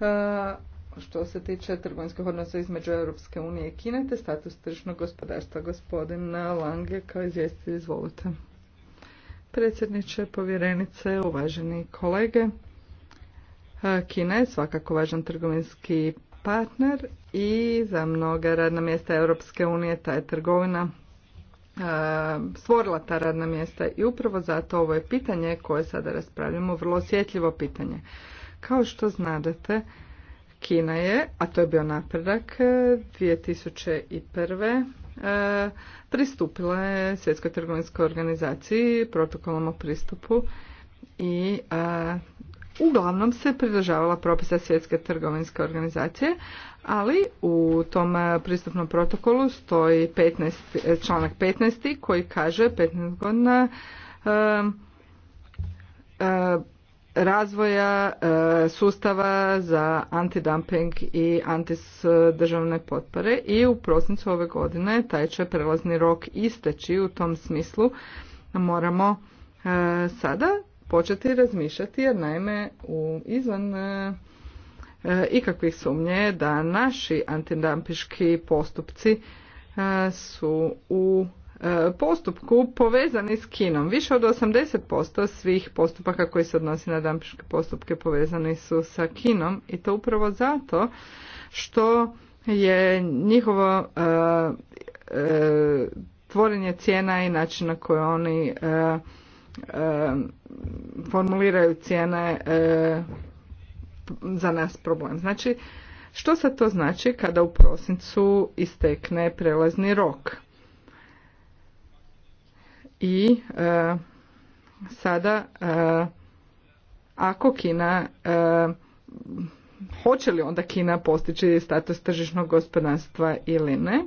E, što se tiče trgovinskih odnosa između Europske unije i Kine te status tržišnog gospodarstva. Gospodin Lange kao izvjestitelj izvolite. Predsjedniče, povjerenice, uvaženi kolege. E, Kina je svakako važan trgovinski partner i za mnoga radna mjesta Europske unije ta je trgovina e, stvorila ta radna mjesta i upravo zato ovo je pitanje koje sada raspravljamo, vrlo osjetljivo pitanje. Kao što znadete, Kina je, a to je bio napredak, 2001. E, e, pristupila je Svjetskoj trgovinskoj organizaciji protokolom o pristupu i e, uglavnom se pridržavala propisa Svjetske trgovinske organizacije, ali u tom pristupnom protokolu stoji članak 15. koji kaže 15 godina razvoja e, sustava za antidumping i antisdržavne potpore i u prosincu ove godine taj će prelazni rok isteći u tom smislu moramo e, sada početi razmišljati jer naime u izvan e, ikakvih sumnje da naši antidampiški postupci su u E, postupku povezani s Kinom. Više od 80% svih postupaka koji se odnosi na dampiške postupke povezani su sa Kinom i to upravo zato što je njihovo e, e tvorenje cijena i način na koji oni e, formuliraju cijene za nas problem. Znači, što se to znači kada u prosincu istekne prelazni rok? i e, sada e, ako Kina e, hoće li onda Kina postići status tržišnog gospodarstva ili ne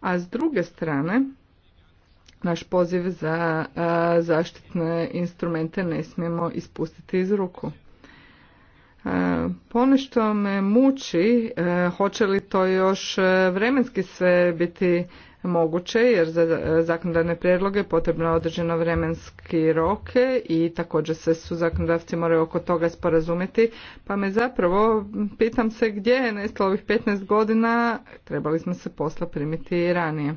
a s druge strane naš poziv za e, zaštitne instrumente ne smijemo ispustiti iz ruku ponešto me muči hoće li to još vremenski sve biti moguće jer za zakonodavne prijedloge potrebno je određeno vremenski roke i također se su zakonodavci moraju oko toga sporazumjeti. Pa me zapravo pitam se gdje je nestalo ovih 15 godina, trebali smo se posla primiti i ranije.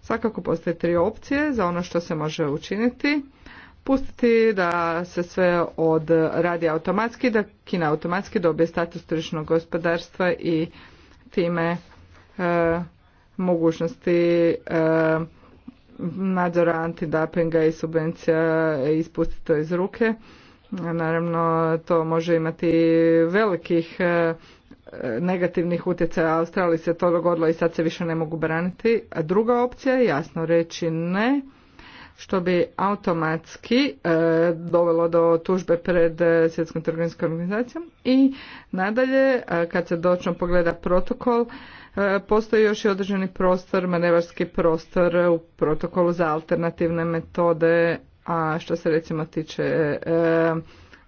Svakako postoje tri opcije za ono što se može učiniti pustiti da se sve od radi automatski, da Kina automatski dobije status tržišnog gospodarstva i time e, mogućnosti e, nadzora antidapinga i subvencija ispustiti to iz ruke. Naravno, to može imati velikih e, negativnih utjecaja Australiji se to dogodilo i sad se više ne mogu braniti. A druga opcija je jasno reći ne, što bi automatski e, dovelo do tužbe pred Svjetskom trgovinskom organizacijom. I nadalje, kad se dočno pogleda protokol, Postoji još i određeni prostor, manevarski prostor u protokolu za alternativne metode, a što se recimo tiče e,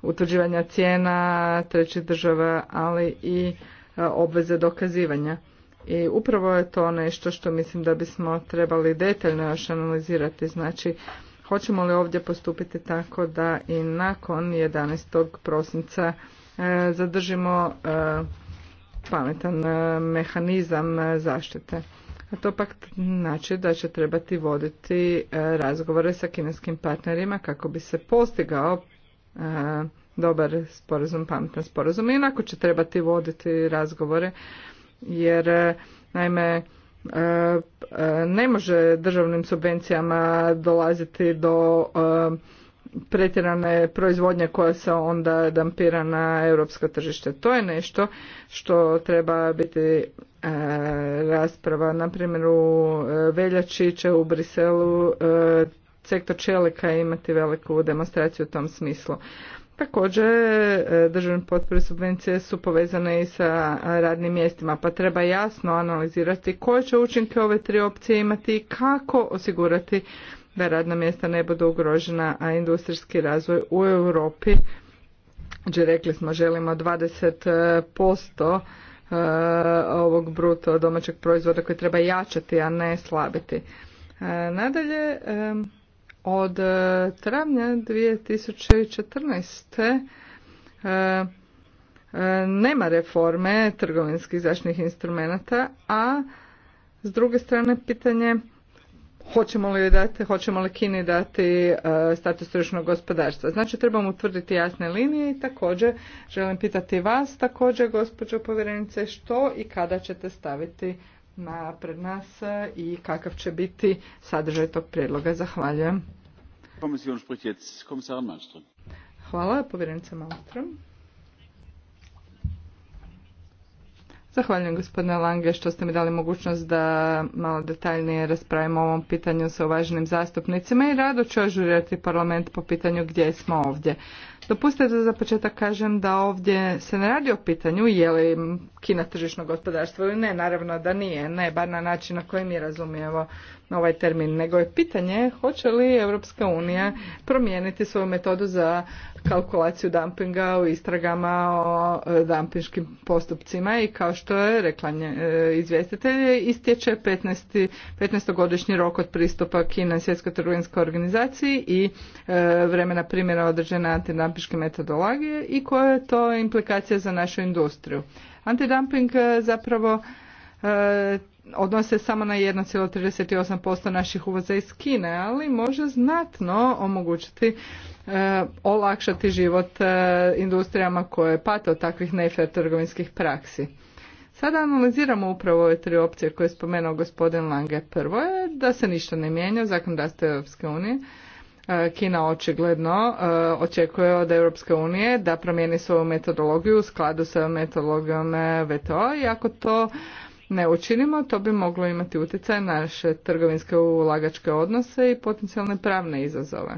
utvrđivanja cijena trećih država, ali i e, obveze dokazivanja. I upravo je to nešto što mislim da bismo trebali detaljno još analizirati. Znači, hoćemo li ovdje postupiti tako da i nakon 11. prosinca e, zadržimo e, pametan e, mehanizam e, zaštite. A to pak znači da će trebati voditi e, razgovore sa kineskim partnerima kako bi se postigao dobar sporazum, pametan sporazum. I će trebati voditi razgovore jer naime ne može državnim subvencijama dolaziti do pretjerana proizvodnje koja se onda dampira na europsko tržište. To je nešto što treba biti e, rasprava. Na primjer u e, Veljači će u Briselu e, sektor čelika imati veliku demonstraciju u tom smislu. Također e, državne potpore subvencije su povezane i sa radnim mjestima, pa treba jasno analizirati koje će učinke ove tri opcije imati i kako osigurati da radna mjesta ne budu ugrožena, a industrijski razvoj u Europi, gdje rekli smo želimo 20% eh, ovog bruto domaćeg proizvoda koji treba jačati, a ne slabiti. Eh, nadalje, od eh, travnja 2014. nema reforme trgovinskih zaštitnih instrumenata, a s druge strane pitanje hoćemo li dati, hoćemo li Kini dati e, status tržišnog gospodarstva. Znači trebamo utvrditi jasne linije i također želim pitati vas također gospođo povjerenice što i kada ćete staviti na pred nas e, i kakav će biti sadržaj tog prijedloga. Zahvaljujem. Hvala, povjerenica Malmström. Zahvaljujem gospodine Lange što ste mi dali mogućnost da malo detaljnije raspravimo o ovom pitanju sa uvaženim zastupnicima i rado ću ažurirati parlament po pitanju gdje smo ovdje. Dopustite da za početak kažem da ovdje se ne radi o pitanju je li Kina tržišno gospodarstvo ili ne, naravno da nije, ne bar na način na koji mi razumijemo ovaj termin, nego je pitanje hoće li Europska unija promijeniti svoju metodu za kalkulaciju dumpinga u istragama o e, dumpinškim postupcima i kao što je rekla e, izvjestitelj, istječe 15. godišnji rok od pristupa Kina svjetskoj trgovinskoj organizaciji i e, vremena primjera određena antidumpinga antidampiške metodologije i koja je to implikacija za našu industriju. Antidumping e, zapravo e, odnose samo na 1,38% naših uvoza iz Kine, ali može znatno omogućiti e, olakšati život e, industrijama koje pate od takvih nefer trgovinskih praksi. Sada analiziramo upravo ove tri opcije koje je spomenuo gospodin Lange. Prvo je da se ništa ne mijenja u zakonodavstvu Europske unije, E, Kina očigledno e, očekuje od Europske unije da promijeni svoju metodologiju u skladu sa metodologijom e, VTO i ako to ne učinimo, to bi moglo imati utjecaj na naše trgovinske ulagačke odnose i potencijalne pravne izazove.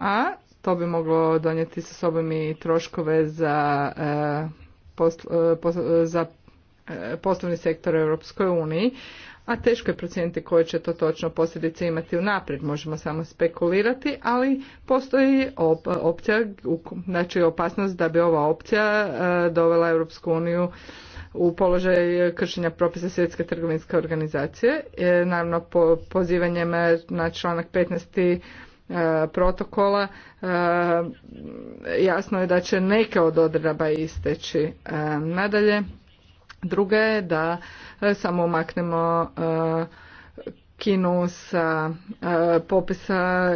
A to bi moglo donijeti sa sobom i troškove za, za poslovni sektor Europskoj uniji, a teško je procijeniti koje će to točno posljedice imati unaprijed, možemo samo spekulirati, ali postoji opcija, znači opasnost da bi ova opcija e, dovela Europsku uniju u položaj kršenja propisa Svjetske trgovinske organizacije. E, naravno, po pozivanjem na članak 15 e, protokola jasno je da će neke od odredaba isteći. Nadalje, Druga je da e, samo maknemo e, Kinu sa e, popisa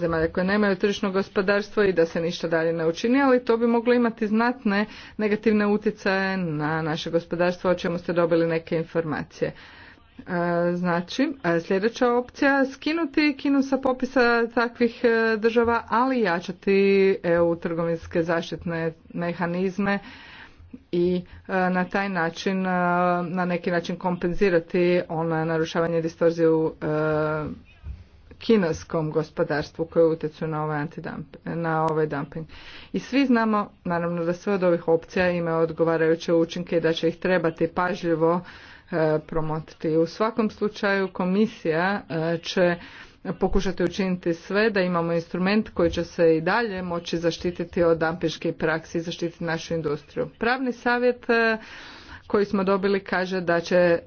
zemalja koje nemaju tržišno gospodarstvo i da se ništa dalje ne učini, ali to bi moglo imati znatne negativne utjecaje na naše gospodarstvo, o čemu ste dobili neke informacije. Znači, sljedeća opcija, skinuti Kinu sa popisa takvih država, ali jačati EU trgovinske zaštitne mehanizme i e, na taj način e, na neki način kompenzirati ona narušavanje distorzije u e, kineskom gospodarstvu koje utječu na ovaj, na ovaj dumping. I svi znamo, naravno, da sve od ovih opcija ima odgovarajuće učinke i da će ih trebati pažljivo promotiti. U svakom slučaju komisija će pokušati učiniti sve da imamo instrument koji će se i dalje moći zaštititi od dampinške praksi i zaštititi našu industriju. Pravni savjet e, koji smo dobili kaže da će e,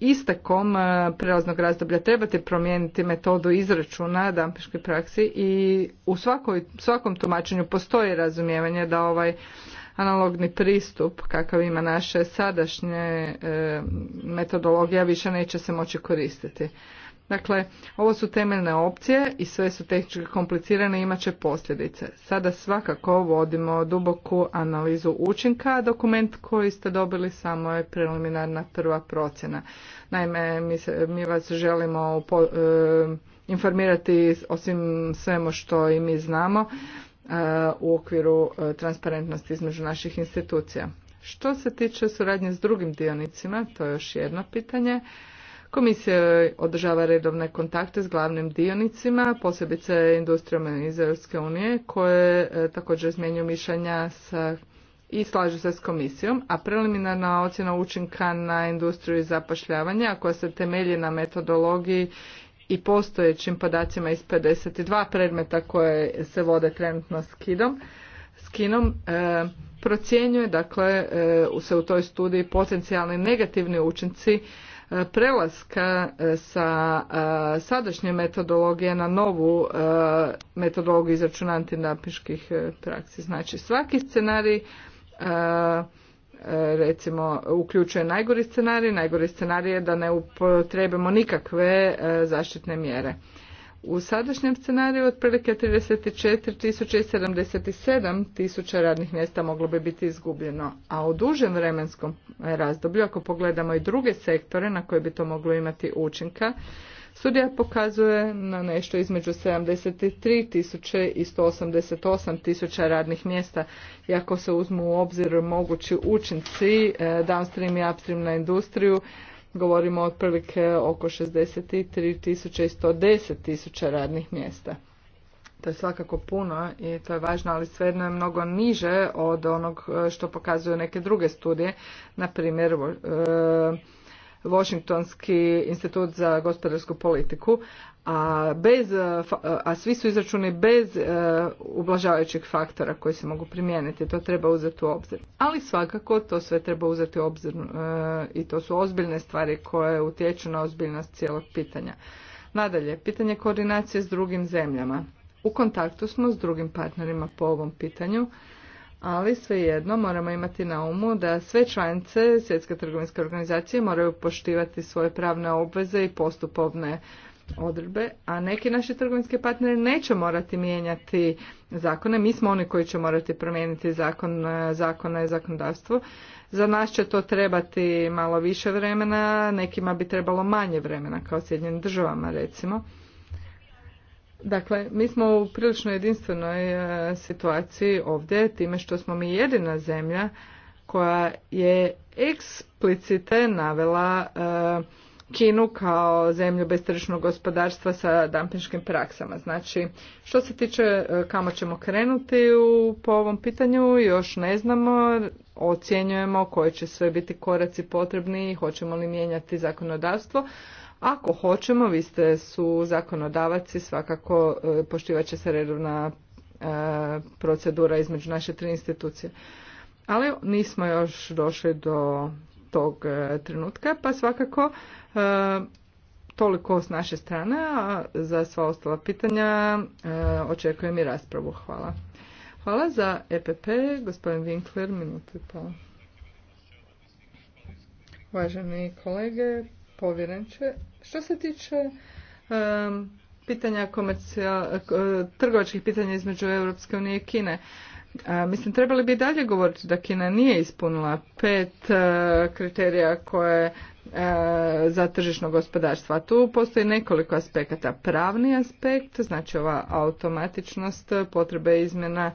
istekom e, prelaznog razdoblja trebati promijeniti metodu izračuna dampiške praksi i u svakoj, svakom tumačenju postoji razumijevanje da ovaj analogni pristup kakav ima naše sadašnje metodologija više neće se moći koristiti. Dakle, ovo su temeljne opcije i sve su tehnički komplicirane i imat će posljedice. Sada svakako vodimo duboku analizu učinka, dokument koji ste dobili samo je preliminarna prva procjena. Naime, mi, mi vas želimo e, informirati osim svemu što i mi znamo e, u okviru e, transparentnosti između naših institucija. Što se tiče suradnje s drugim dionicima, to je još jedno pitanje. Komisija održava redovne kontakte s glavnim dionicima, posebice industrijom iz Europske unije, koje e, također izmjenjuju mišljenja i slažu se s komisijom, a preliminarna ocjena učinka na industriju i zapošljavanje, a koja se temelji na metodologiji i postojećim podacima iz 52 predmeta koje se vode trenutno s kidom, s kinom, e, procjenjuje dakle e, se u toj studiji potencijalni negativni učinci E, prelaska e, sa e, sadašnje metodologije na novu metodologiju izračuna napiških praksi. Znači svaki scenarij recimo uključuje najgori scenarij, najgori scenarij je da ne upotrebimo nikakve zaštitne mjere. U sadašnjem scenariju otprilike 34.077 tisuća radnih mjesta moglo bi biti izgubljeno, a u dužem vremenskom razdoblju, ako pogledamo i druge sektore na koje bi to moglo imati učinka, studija pokazuje na nešto između 73.000 i 188.000 radnih mjesta, i ako se uzmu u obzir mogući učinci e, downstream i upstream na industriju, govorimo otprilike oko tri i tisuća radnih mjesta. To je svakako puno i to je važno, ali svejedno je mnogo niže od onog e, što pokazuju neke druge studije, na primjer e, Washingtonski institut za gospodarsku politiku, a, bez, e, e, a svi su izračuni bez e, ublažavajućeg faktora koji se mogu primijeniti. To treba uzeti u obzir. Ali svakako to sve treba uzeti u obzir i to su ozbiljne stvari koje utječu na ozbiljnost cijelog pitanja. Nadalje, pitanje koordinacije s drugim zemljama. U kontaktu smo s drugim partnerima po ovom pitanju, ali svejedno moramo imati na umu da sve članice Svjetske trgovinske organizacije moraju poštivati svoje pravne obveze i postupovne odredbe, a neki naši trgovinski partneri neće morati mijenjati zakone. Mi smo oni koji će morati promijeniti zakon, e, zakona i zakonodavstvo. Za nas će to trebati malo više vremena, nekima bi trebalo manje vremena, kao Sjedinjenim državama recimo. Dakle, mi smo u prilično jedinstvenoj e, situaciji ovdje, time što smo mi jedina zemlja koja je eksplicite navela e, Kinu kao zemlju bez tržišnog gospodarstva sa dampinškim praksama. Znači, što se tiče e, kamo ćemo krenuti u, po ovom pitanju, još ne znamo, ocjenjujemo koji će sve biti koraci potrebni i hoćemo li mijenjati zakonodavstvo. Ako hoćemo, vi ste su zakonodavaci, svakako e, poštivat će se redovna e, procedura između naše tri institucije. Ali nismo još došli do tog e, trenutka, pa svakako e, toliko s naše strane, a za sva ostala pitanja e, očekujem i raspravu. Hvala. Hvala za EPP, gospodin Winkler, minutu i Uvaženi kolege, povjerenče, što se tiče pitanja trgovačkih pitanja između Europske unije i Kine, mislim, trebali bi dalje govoriti da Kina nije ispunila pet e, kriterija koje e, za tržišno gospodarstvo. A tu postoji nekoliko aspekata. Pravni aspekt, znači ova automatičnost potrebe izmjena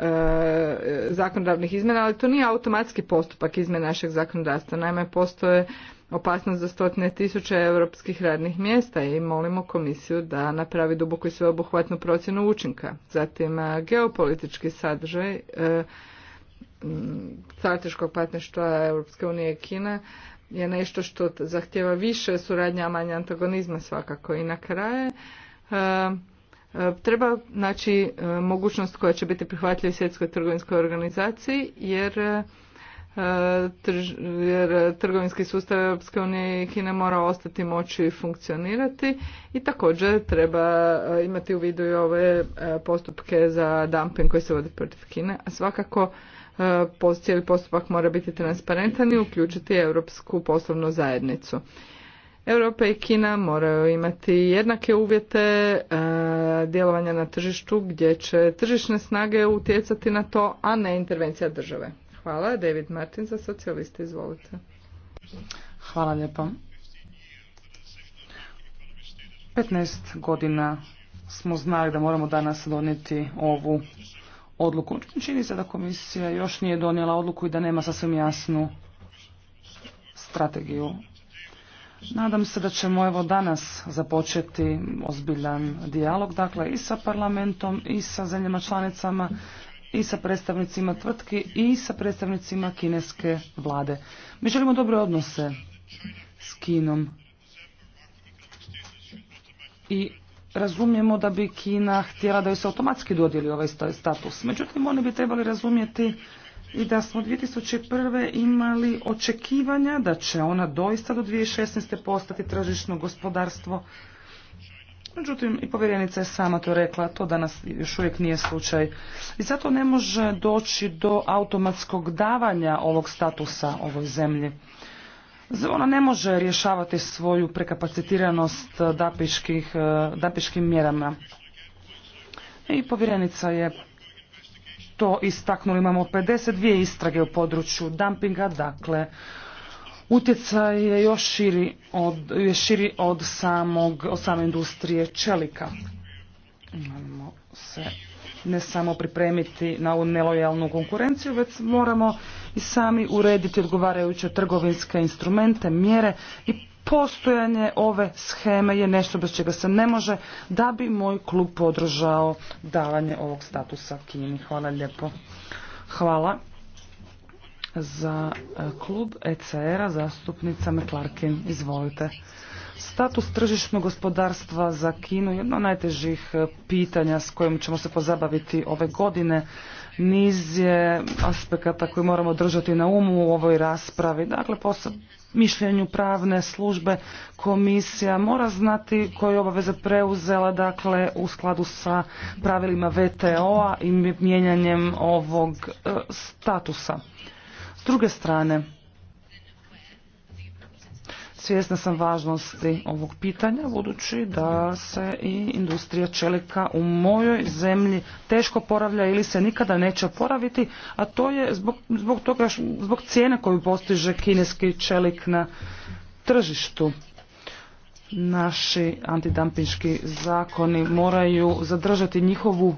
E, zakonodavnih izmjena, ali to nije automatski postupak izmjena našeg zakonodavstva. Naime, postoje opasnost za stotine tisuća europskih radnih mjesta i molimo komisiju da napravi duboku i sveobuhvatnu procjenu učinka. Zatim e, geopolitički sadržaj e, strateškog partnerstva Europske unije i Kina je nešto što zahtjeva više suradnja, a manje antagonizma svakako. I na kraje Treba naći e, mogućnost koja će biti prihvatljiva svjetskoj trgovinskoj organizaciji jer e, jer trgovinski sustav Europske unije Kine mora ostati moći funkcionirati i također treba e, imati u vidu i ove postupke za dumping koji se vodi protiv Kine, a svakako cijeli postupak mora biti transparentan i uključiti Europsku poslovnu zajednicu. Europa i Kina moraju imati jednake uvjete e, djelovanja na tržištu gdje će tržišne snage utjecati na to, a ne intervencija države. Hvala. David Martin za socijaliste, izvolite. Hvala lijepo. 15 godina smo znali da moramo danas donijeti ovu odluku. Čini se da komisija još nije donijela odluku i da nema sasvim jasnu strategiju Nadam se da ćemo evo danas započeti ozbiljan dijalog, dakle i sa parlamentom i sa zemljama članicama i sa predstavnicima tvrtki i sa predstavnicima kineske vlade. Mi želimo dobre odnose s Kinom i razumijemo da bi Kina htjela da joj se automatski dodijeli ovaj status. Međutim, oni bi trebali razumjeti i da smo 2001. imali očekivanja da će ona doista do 2016. postati tržišno gospodarstvo. Međutim, i povjerenica je sama to rekla, to danas još uvijek nije slučaj. I zato ne može doći do automatskog davanja ovog statusa ovoj zemlji. Ona ne može rješavati svoju prekapacitiranost eh, dapiških, eh, dapiškim mjerama. I povjerenica je to istaknuli. Imamo 52 istrage u području dumpinga, dakle utjecaj je još širi od, je širi od, samog, od same industrije čelika. Imamo se ne samo pripremiti na ovu nelojalnu konkurenciju, već moramo i sami urediti odgovarajuće trgovinske instrumente, mjere i postojanje ove scheme je nešto bez čega se ne može da bi moj klub podržao davanje ovog statusa Kini. Hvala lijepo. Hvala za e, klub ECR-a zastupnica Meklarkin. Izvolite. Status tržišnog gospodarstva za Kinu je jedno od najtežih e, pitanja s kojim ćemo se pozabaviti ove godine. Niz je aspekata koji moramo držati na umu u ovoj raspravi. Dakle, po mišljenju pravne službe komisija mora znati koje obaveze preuzela dakle u skladu sa pravilima VTO-a i mijenjanjem ovog e, statusa. S druge strane, Svjesna sam važnosti ovog pitanja budući da se i industrija čelika u mojoj zemlji teško poravlja ili se nikada neće poraviti, a to je zbog, zbog, toga, zbog cijene koju postiže kineski čelik na tržištu. Naši antidampinški zakoni moraju zadržati njihovu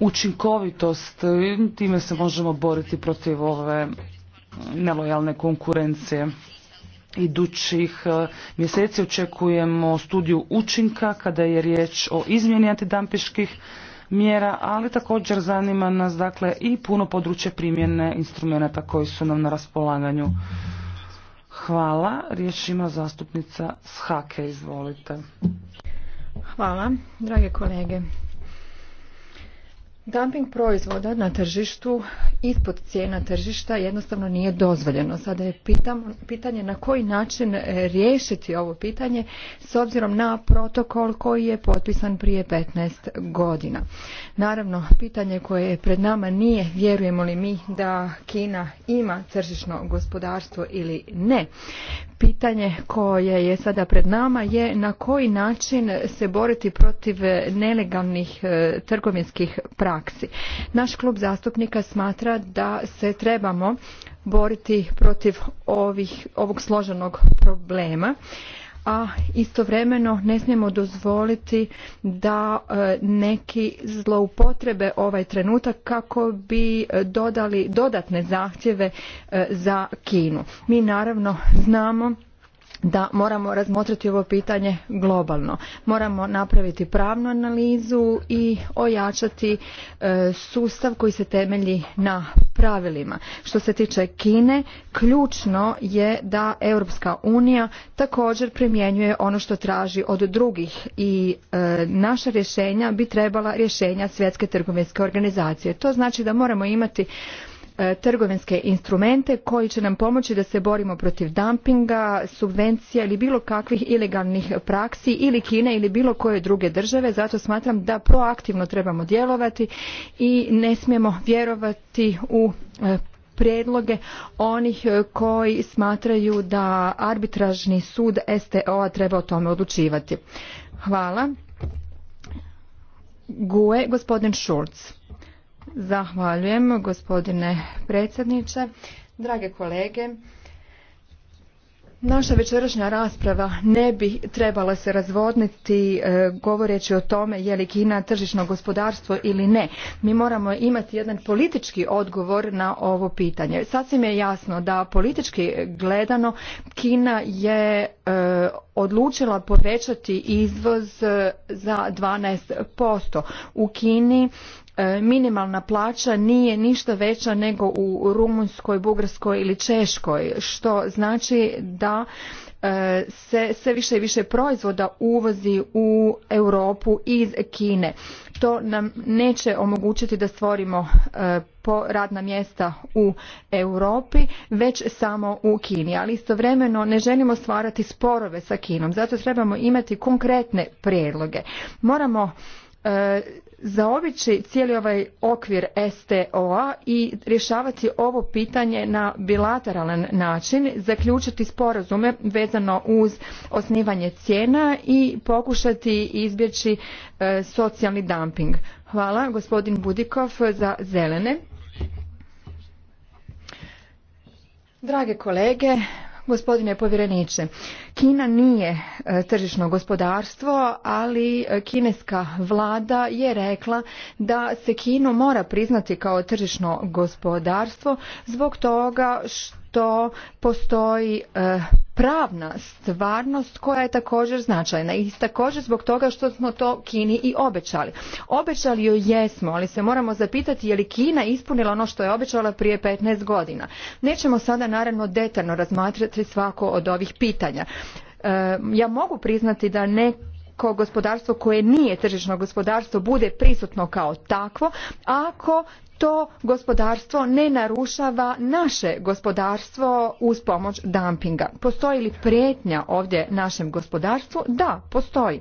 učinkovitost i time se možemo boriti protiv ove nelojalne konkurencije idućih e, mjeseci očekujemo studiju učinka kada je riječ o izmjeni antidampiških mjera, ali također zanima nas dakle i puno područje primjene instrumenata koji su nam na raspolaganju. Hvala. Riječ ima zastupnica Shake. Izvolite. Hvala, drage kolege. Dumping proizvoda na tržištu ispod cijena tržišta jednostavno nije dozvoljeno. Sada je pitanje na koji način riješiti ovo pitanje s obzirom na protokol koji je potpisan prije 15 godina. Naravno, pitanje koje je pred nama nije vjerujemo li mi da Kina ima tržišno gospodarstvo ili ne. Pitanje koje je sada pred nama je na koji način se boriti protiv nelegalnih e, trgovinskih praksi. Naš klub zastupnika smatra da se trebamo boriti protiv ovih, ovog složenog problema a istovremeno ne smijemo dozvoliti da e, neki zloupotrebe ovaj trenutak kako bi e, dodali dodatne zahtjeve e, za Kinu. Mi naravno znamo da moramo razmotriti ovo pitanje globalno. Moramo napraviti pravnu analizu i ojačati e, sustav koji se temelji na pravilima. Što se tiče Kine, ključno je da Europska unija također primjenjuje ono što traži od drugih i e, naša rješenja bi trebala rješenja Svjetske trgovinske organizacije. To znači da moramo imati E, trgovinske instrumente koji će nam pomoći da se borimo protiv dumpinga, subvencija ili bilo kakvih ilegalnih praksi ili Kine ili bilo koje druge države. Zato smatram da proaktivno trebamo djelovati i ne smijemo vjerovati u e, prijedloge onih e, koji smatraju da arbitražni sud STO-a treba o tome odlučivati. Hvala. Gue, gospodin Šulc. Zahvaljujem gospodine predsjedniče. Drage kolege, naša večerašnja rasprava ne bi trebala se razvodniti e, govoreći o tome je li Kina tržišno gospodarstvo ili ne. Mi moramo imati jedan politički odgovor na ovo pitanje. Sasvim je jasno da politički gledano Kina je e, odlučila povećati izvoz e, za 12%. U Kini E, minimalna plaća nije ništa veća nego u Rumunjskoj, Bugarskoj ili Češkoj, što znači da e, se sve više i više proizvoda uvozi u Europu iz Kine. To nam neće omogućiti da stvorimo e, radna mjesta u Europi, već samo u Kini. Ali istovremeno ne želimo stvarati sporove sa Kinom, zato trebamo imati konkretne prijedloge. Moramo zaobići cijeli ovaj okvir STO-a i rješavati ovo pitanje na bilateralan način, zaključiti sporazume vezano uz osnivanje cijena i pokušati izbjeći e, socijalni dumping. Hvala gospodin Budikov za zelene. Drage kolege, Gospodine povjereniče, Kina nije e, tržišno gospodarstvo, ali e, kineska vlada je rekla da se Kino mora priznati kao tržišno gospodarstvo zbog toga što to postoji e, pravna stvarnost koja je također značajna i također zbog toga što smo to Kini i obećali. Obećali ju jesmo, ali se moramo zapitati je li Kina ispunila ono što je obećala prije 15 godina. Nećemo sada naravno detaljno razmatrati svako od ovih pitanja. E, ja mogu priznati da ne ako gospodarstvo koje nije tržišno gospodarstvo bude prisutno kao takvo ako to gospodarstvo ne narušava naše gospodarstvo uz pomoć dumpinga. Postoji li prijetnja ovdje našem gospodarstvu? Da, postoji.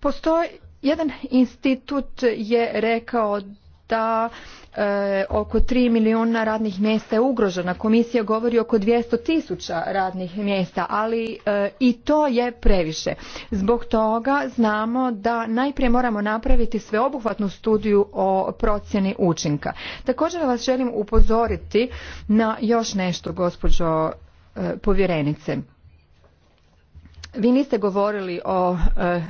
Postoji jedan institut je rekao da e, oko 3 milijuna radnih mjesta je ugrožena. Komisija govori oko 200 tisuća radnih mjesta, ali e, i to je previše. Zbog toga znamo da najprije moramo napraviti sveobuhvatnu studiju o procjeni učinka. Također vas želim upozoriti na još nešto, gospođo e, povjerenice vi niste govorili o e,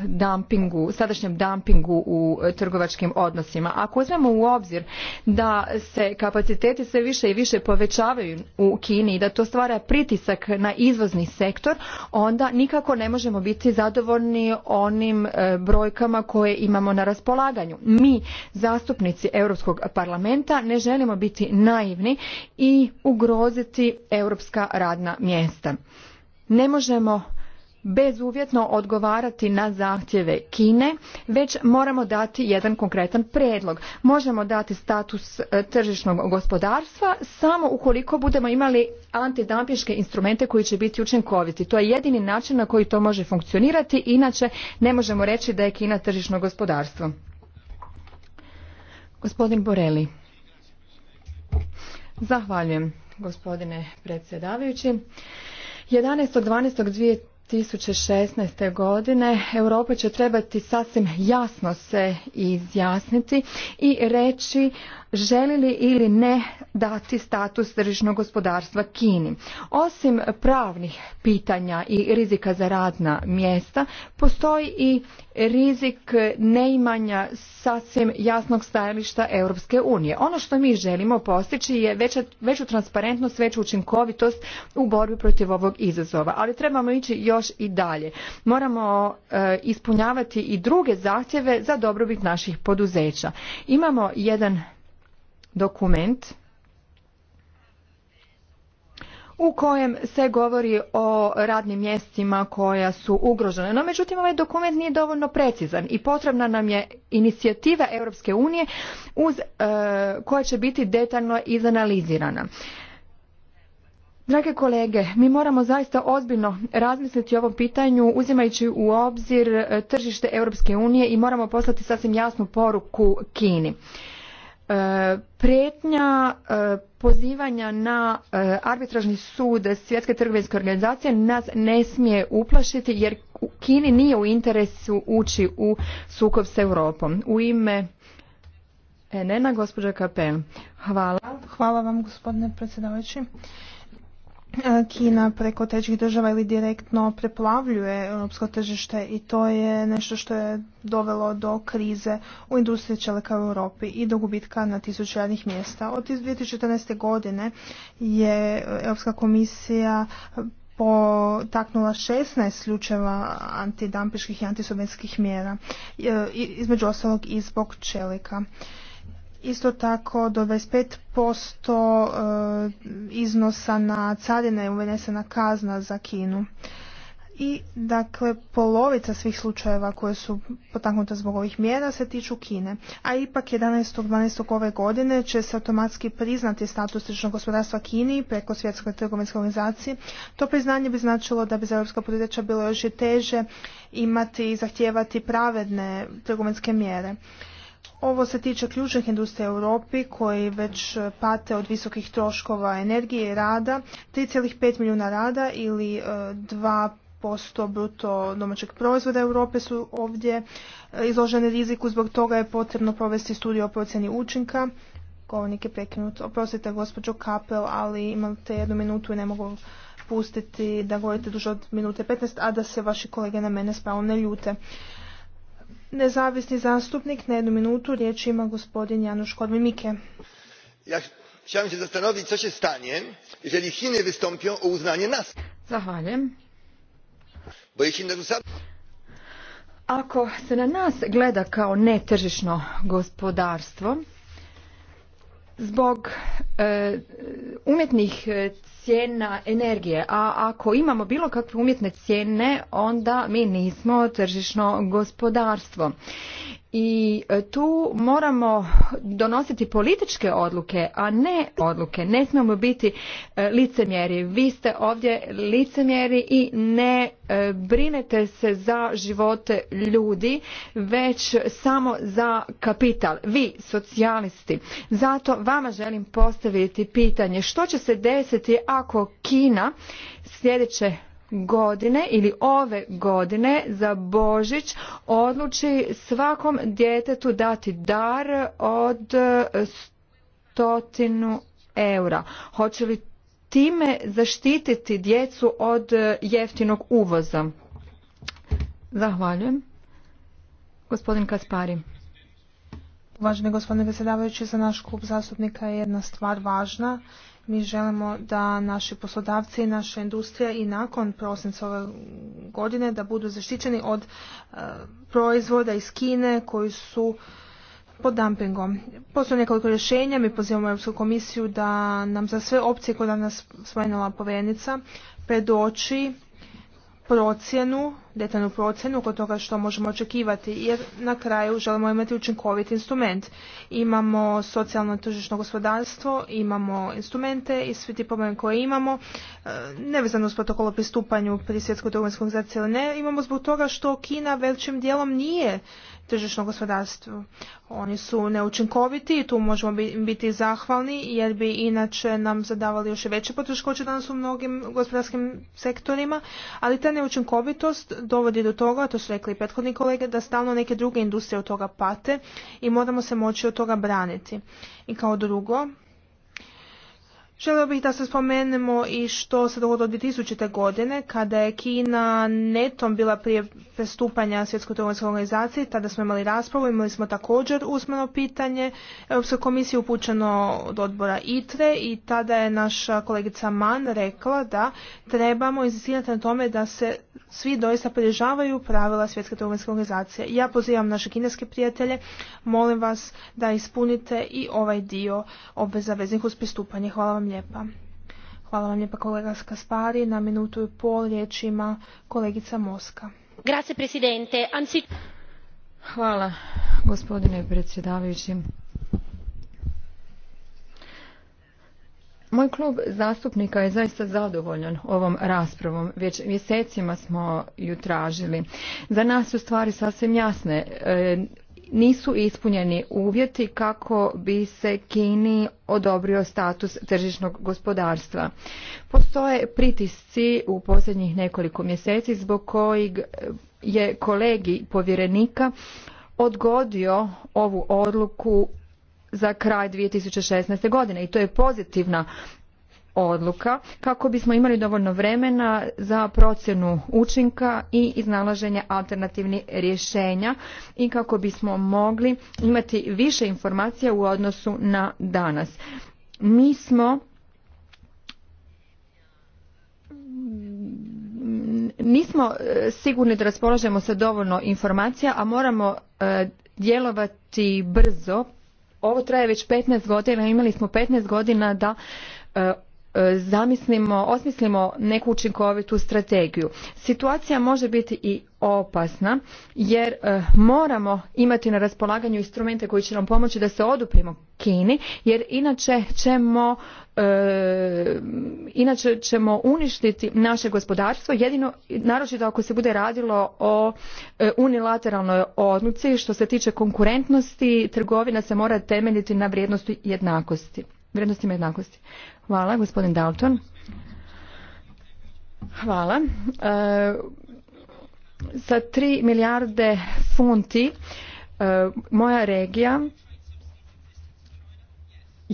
sadašnjem dumpingu u e, trgovačkim odnosima. Ako uzmemo u obzir da se kapaciteti sve više i više povećavaju u Kini i da to stvara pritisak na izvozni sektor, onda nikako ne možemo biti zadovoljni onim e, brojkama koje imamo na raspolaganju. Mi, zastupnici Europskog parlamenta, ne želimo biti naivni i ugroziti europska radna mjesta. Ne možemo bezuvjetno odgovarati na zahtjeve Kine, već moramo dati jedan konkretan predlog. Možemo dati status e, tržišnog gospodarstva samo ukoliko budemo imali antidampiške instrumente koji će biti učinkoviti. To je jedini način na koji to može funkcionirati, inače ne možemo reći da je Kina tržišno gospodarstvo. Gospodin Boreli. Zahvaljujem, gospodine predsjedavajući. 11.12.2000 2016. godine Europa će trebati sasvim jasno se izjasniti i reći želi li ili ne dati status tržišnog gospodarstva Kini. Osim pravnih pitanja i rizika za radna mjesta, postoji i rizik neimanja sasvim jasnog stajališta Europske unije. Ono što mi želimo postići je veću transparentnost, veću učinkovitost u borbi protiv ovog izazova. Ali trebamo ići još i dalje. Moramo e, ispunjavati i druge zahtjeve za dobrobit naših poduzeća. Imamo jedan dokument u kojem se govori o radnim mjestima koja su ugrožena. No, međutim, ovaj dokument nije dovoljno precizan i potrebna nam je inicijativa Europske unije uz, e, koja će biti detaljno izanalizirana. Drage kolege, mi moramo zaista ozbiljno razmisliti o ovom pitanju uzimajući u obzir e, tržište Europske unije i moramo poslati sasvim jasnu poruku Kini. E, prijetnja e, pozivanja na e, arbitražni sud svjetske trgovinske organizacije nas ne smije uplašiti jer Kini nije u interesu ući u sukob s Europom. U ime nena gospođa Kapen. Hvala. Hvala vam, gospodine predsjedavajući. Kina preko trećih država ili direktno preplavljuje europsko tržište i to je nešto što je dovelo do krize u industriji čelika u Europi i do gubitka na tisuću radnih mjesta. Od 2014. godine je Europska komisija potaknula 16 slučajeva antidampiških i antisubvencijskih mjera, e, između ostalog i zbog čelika. Isto tako do 25% e, iznosa na carine je uvenesena kazna za Kinu. I dakle polovica svih slučajeva koje su potaknuta zbog ovih mjera se tiču Kine. A ipak 11.12. ove godine će se automatski priznati status tričnog gospodarstva Kini preko svjetske trgovinske organizacije. To priznanje bi značilo da bi za europska poduzeća bilo još i teže imati i zahtijevati pravedne trgovinske mjere. Ovo se tiče ključnih industrija u Europi koji već pate od visokih troškova energije i rada. 3,5 milijuna rada ili 2% e, bruto domaćeg proizvoda Europe su ovdje e, izloženi riziku. Zbog toga je potrebno provesti studiju o procjeni učinka. Govornik je prekinut. Oprostite gospođo Kapel, ali imate jednu minutu i ne mogu pustiti da govorite duže od minute 15, a da se vaši kolege na mene s ne ljute. Nezavisni zastupnik na jednu minutu riječ ima gospodin Janusz Korwin-Mikke. Ja chciałem się zastanowić, co się stanie, jeżeli Chiny wystąpią o uznanie nas. Zahvaljem. Bo jeśli narzucamy... Ako se na nas gleda kao netržišno gospodarstvo, zbog e, umjetnih e, cijena energije a ako imamo bilo kakve umjetne cijene onda mi nismo tržišno gospodarstvo i e, tu moramo donositi političke odluke, a ne odluke. Ne smijemo biti e, licemjeri. Vi ste ovdje licemjeri i ne e, brinete se za živote ljudi, već samo za kapital. Vi, socijalisti. Zato vama želim postaviti pitanje što će se desiti ako Kina sljedeće godine ili ove godine za Božić odluči svakom djetetu dati dar od stotinu eura. Hoće li time zaštititi djecu od jeftinog uvoza? Zahvaljujem. Gospodin Kaspari. Uvaženi gospodine predsjedavajući, za naš klub zastupnika je jedna stvar važna mi želimo da naši poslodavci i naša industrija i nakon prosinca ove godine da budu zaštićeni od e, proizvoda iz Kine koji su pod dumpingom. Postoje nekoliko rješenja, mi pozivamo Europsku komisiju da nam za sve opcije koje nas spomenula povenica predoči procjenu, detaljnu procjenu kod toga što možemo očekivati, jer na kraju želimo imati učinkovit instrument. Imamo socijalno tržišno gospodarstvo, imamo instrumente i svi ti problemi koje imamo, e, nevezano uz protokol o pristupanju pri svjetskoj trgovinskoj organizaciji ne, imamo zbog toga što Kina većim dijelom nije tržišnom gospodarstvu. Oni su neučinkoviti i tu možemo biti zahvalni jer bi inače nam zadavali još veće poteškoće danas u mnogim gospodarskim sektorima, ali ta neučinkovitost dovodi do toga, to su rekli i prethodni kolege, da stalno neke druge industrije od toga pate i moramo se moći od toga braniti. I kao drugo, Želio bih da se spomenemo i što se dogodilo 2000. godine kada je Kina netom bila prije prestupanja Svjetskoj trgovinskoj organizaciji. Tada smo imali raspravu, imali smo također usmeno pitanje Europskoj komisije upućeno od odbora ITRE i tada je naša kolegica Man rekla da trebamo insistirati na tome da se svi doista pridržavaju pravila Svjetske trgovinske organizacije. Ja pozivam naše kineske prijatelje, molim vas da ispunite i ovaj dio obveza veznih uz pristupanje. Hvala vam lijepa. Hvala vam lijepa kolega Skaspari. Na minutu i pol riječ kolegica Moska. Grazie, presidente. Anzi... Hvala gospodine predsjedavajući. Moj klub zastupnika je zaista zadovoljan ovom raspravom. Već mjesecima smo ju tražili. Za nas su stvari sasvim jasne. E, nisu ispunjeni uvjeti kako bi se Kini odobrio status tržišnog gospodarstva. Postoje pritisci u posljednjih nekoliko mjeseci zbog kojih je kolegi povjerenika odgodio ovu odluku za kraj 2016. godine i to je pozitivna odluka kako bismo imali dovoljno vremena za procjenu učinka i iznalaženje alternativnih rješenja i kako bismo mogli imati više informacija u odnosu na danas. Mi smo nismo e, sigurni da raspolažemo sa dovoljno informacija, a moramo e, djelovati brzo. Ovo traje već 15 godina, imali smo 15 godina da e, E, zamislimo, osmislimo neku učinkovitu strategiju. Situacija može biti i opasna jer e, moramo imati na raspolaganju instrumente koji će nam pomoći da se oduprimo Kini jer inače ćemo e, inače ćemo uništiti naše gospodarstvo jedino naročito ako se bude radilo o unilateralnoj odluci što se tiče konkurentnosti trgovina se mora temeljiti na vrijednosti jednakosti vrijednostima jednakosti. Hvala, gospodin Dalton. Hvala. sa e, 3 milijarde funti e, moja regija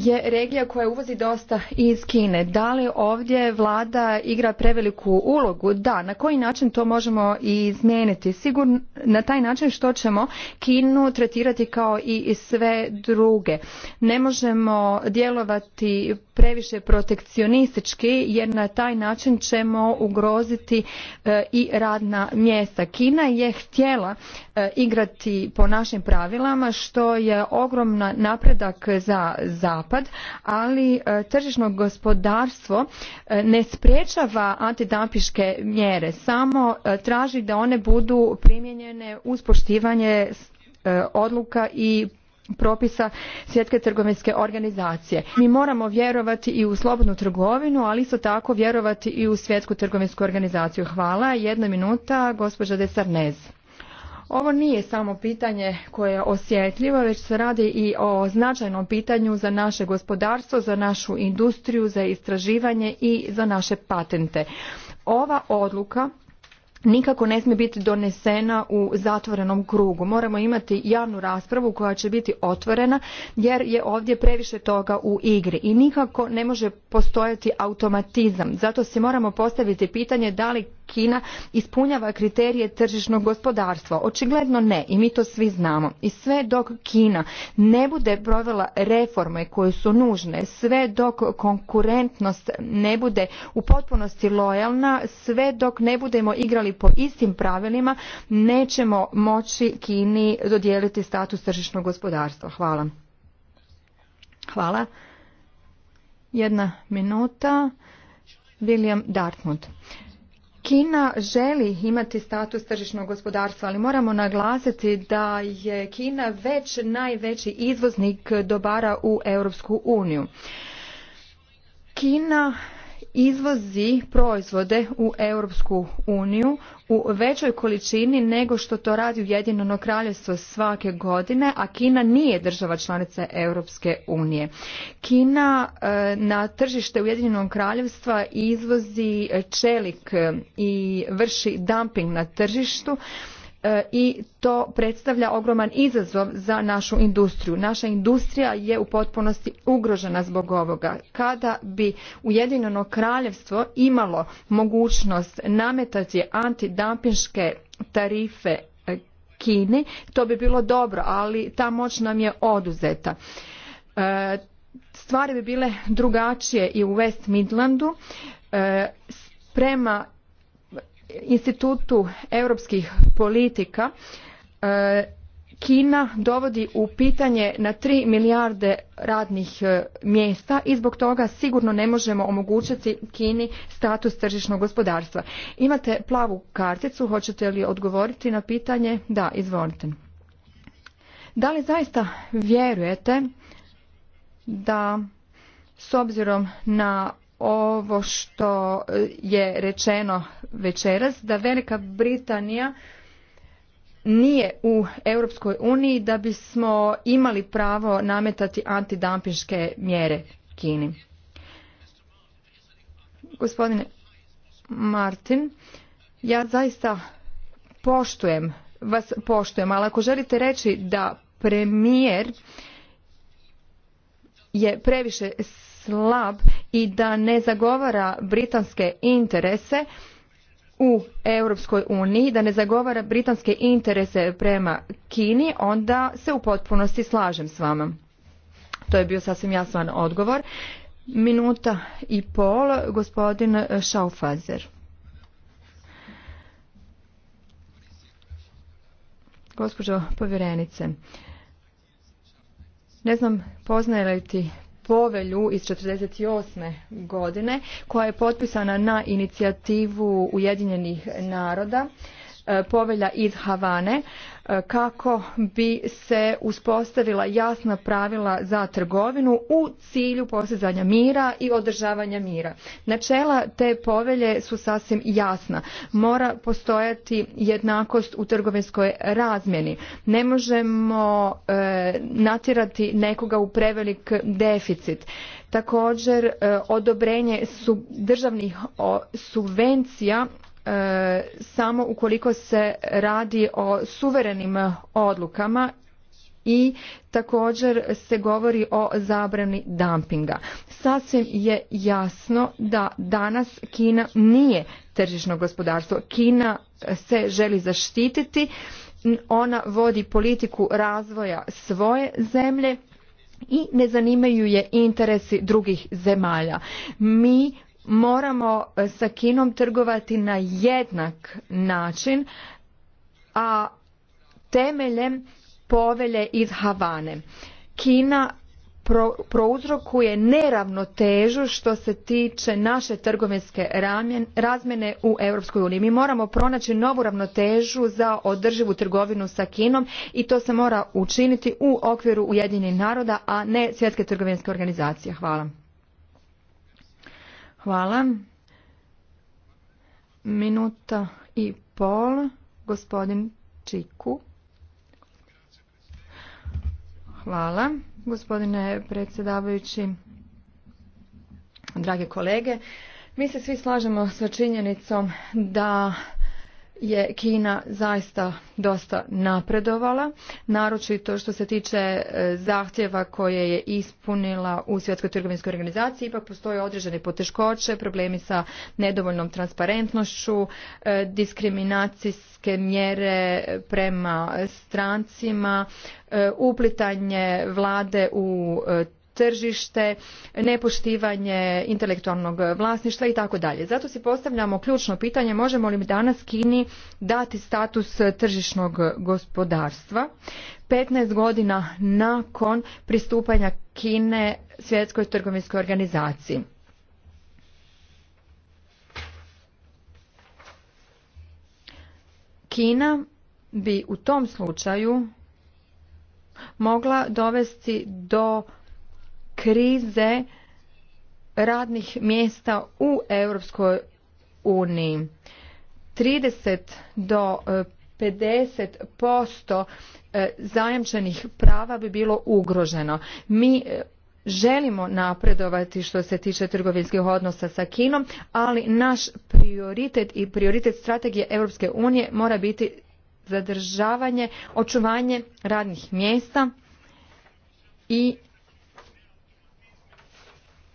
je regija koja uvozi dosta iz Kine. Da li ovdje vlada igra preveliku ulogu? Da. Na koji način to možemo izmijeniti? Sigurno na taj način što ćemo Kinu tretirati kao i sve druge. Ne možemo djelovati previše protekcionistički jer na taj način ćemo ugroziti e, i radna mjesta. Kina je htjela e, igrati po našim pravilima što je ogroman napredak za zapad napad, ali e, tržišno gospodarstvo e, ne spriječava antidampiške mjere, samo e, traži da one budu primijenjene uz poštivanje odluka i propisa svjetske trgovinske organizacije. Mi moramo vjerovati i u slobodnu trgovinu, ali isto tako vjerovati i u svjetsku trgovinsku organizaciju. Hvala. Jedna minuta, gospođa Desarnez. Ovo nije samo pitanje koje je osjetljivo, već se radi i o značajnom pitanju za naše gospodarstvo, za našu industriju, za istraživanje i za naše patente. Ova odluka nikako ne smije biti donesena u zatvorenom krugu. Moramo imati javnu raspravu koja će biti otvorena jer je ovdje previše toga u igri i nikako ne može postojati automatizam. Zato si moramo postaviti pitanje da li Kina ispunjava kriterije tržišnog gospodarstva? Očigledno ne i mi to svi znamo. I sve dok Kina ne bude provela reforme koje su nužne, sve dok konkurentnost ne bude u potpunosti lojalna, sve dok ne budemo igrali po istim pravilima, nećemo moći Kini dodijeliti status tržišnog gospodarstva. Hvala. Hvala. Jedna minuta. William Dartmouth. Kina želi imati status tržišnog gospodarstva, ali moramo naglasiti da je Kina već najveći izvoznik dobara u Europsku uniju. Kina izvozi proizvode u Europsku uniju u većoj količini nego što to radi Ujedinjeno kraljevstvo svake godine, a Kina nije država članica Europske unije. Kina e, na tržište Ujedinjenog kraljevstva izvozi čelik i vrši dumping na tržištu E, i to predstavlja ogroman izazov za našu industriju. Naša industrija je u potpunosti ugrožena zbog ovoga. Kada bi Ujedinjeno kraljevstvo imalo mogućnost nametati antidampinške tarife e, Kini, to bi bilo dobro, ali ta moć nam je oduzeta. E, stvari bi bile drugačije i u West Midlandu. Prema institutu europskih politika e, Kina dovodi u pitanje na tri milijarde radnih e, mjesta i zbog toga sigurno ne možemo omogućiti Kini status tržišnog gospodarstva. Imate plavu karticu, hoćete li odgovoriti na pitanje? Da, izvolite. Da li zaista vjerujete da s obzirom na ovo što e, je rečeno večeras da Velika Britanija nije u Europskoj uniji da bismo imali pravo nametati antidampinške mjere Kini. Gospodine Martin, ja zaista poštujem, vas poštujem, ali ako želite reći da premijer je previše slab i da ne zagovara britanske interese u Europskoj uniji, da ne zagovara britanske interese prema Kini, onda se u potpunosti slažem s vama. To je bio sasvim jasan odgovor. Minuta i pol, gospodin Schaufazer. Gospođo povjerenice, ne znam poznaje li ti povelju iz 1948. godine koja je potpisana na inicijativu Ujedinjenih naroda, e, povelja iz Havane E, kako bi se uspostavila jasna pravila za trgovinu u cilju postizanja mira i održavanja mira. Načela te povelje su sasvim jasna. Mora postojati jednakost u trgovinskoj razmjeni. Ne možemo e, natjerati nekoga u prevelik deficit. Također e, odobrenje su, državnih subvencija E, samo ukoliko se radi o suverenim odlukama i također se govori o zabrani dumpinga. Sasvim je jasno da danas Kina nije tržišno gospodarstvo. Kina se želi zaštititi, ona vodi politiku razvoja svoje zemlje i ne zanimaju je interesi drugih zemalja. Mi moramo e, sa Kinom trgovati na jednak način, a temeljem povelje iz Havane. Kina prouzrokuje neravnotežu što se tiče naše trgovinske razmjene u europskoj uniji. mi moramo pronaći novu ravnotežu za održivu trgovinu sa kinom i to se mora učiniti u okviru ujedinjenih naroda a ne svjetske trgovinske organizacije. hvala. Hvala. Minuta i pol, gospodin Čiku. Hvala, gospodine predsjedavajući, drage kolege. Mi se svi slažemo sa činjenicom da je Kina zaista dosta napredovala, naročito što se tiče e, zahtjeva koje je ispunila u Svjetskoj trgovinskoj organizaciji, ipak postoje određene poteškoće, problemi sa nedovoljnom transparentnošću, e, diskriminacijske mjere prema strancima, e, uplitanje vlade u tržište, nepoštivanje intelektualnog vlasništva i tako dalje. Zato si postavljamo ključno pitanje možemo li danas Kini dati status tržišnog gospodarstva 15 godina nakon pristupanja Kine svjetskoj trgovinskoj organizaciji. Kina bi u tom slučaju mogla dovesti do krize radnih mjesta u Europskoj uniji. 30 do 50% e, e, zajamčenih prava bi bilo ugroženo. Mi e, želimo napredovati što se tiče trgovinskih odnosa sa Kinom, ali naš prioritet i prioritet strategije Europske unije mora biti zadržavanje, očuvanje radnih mjesta i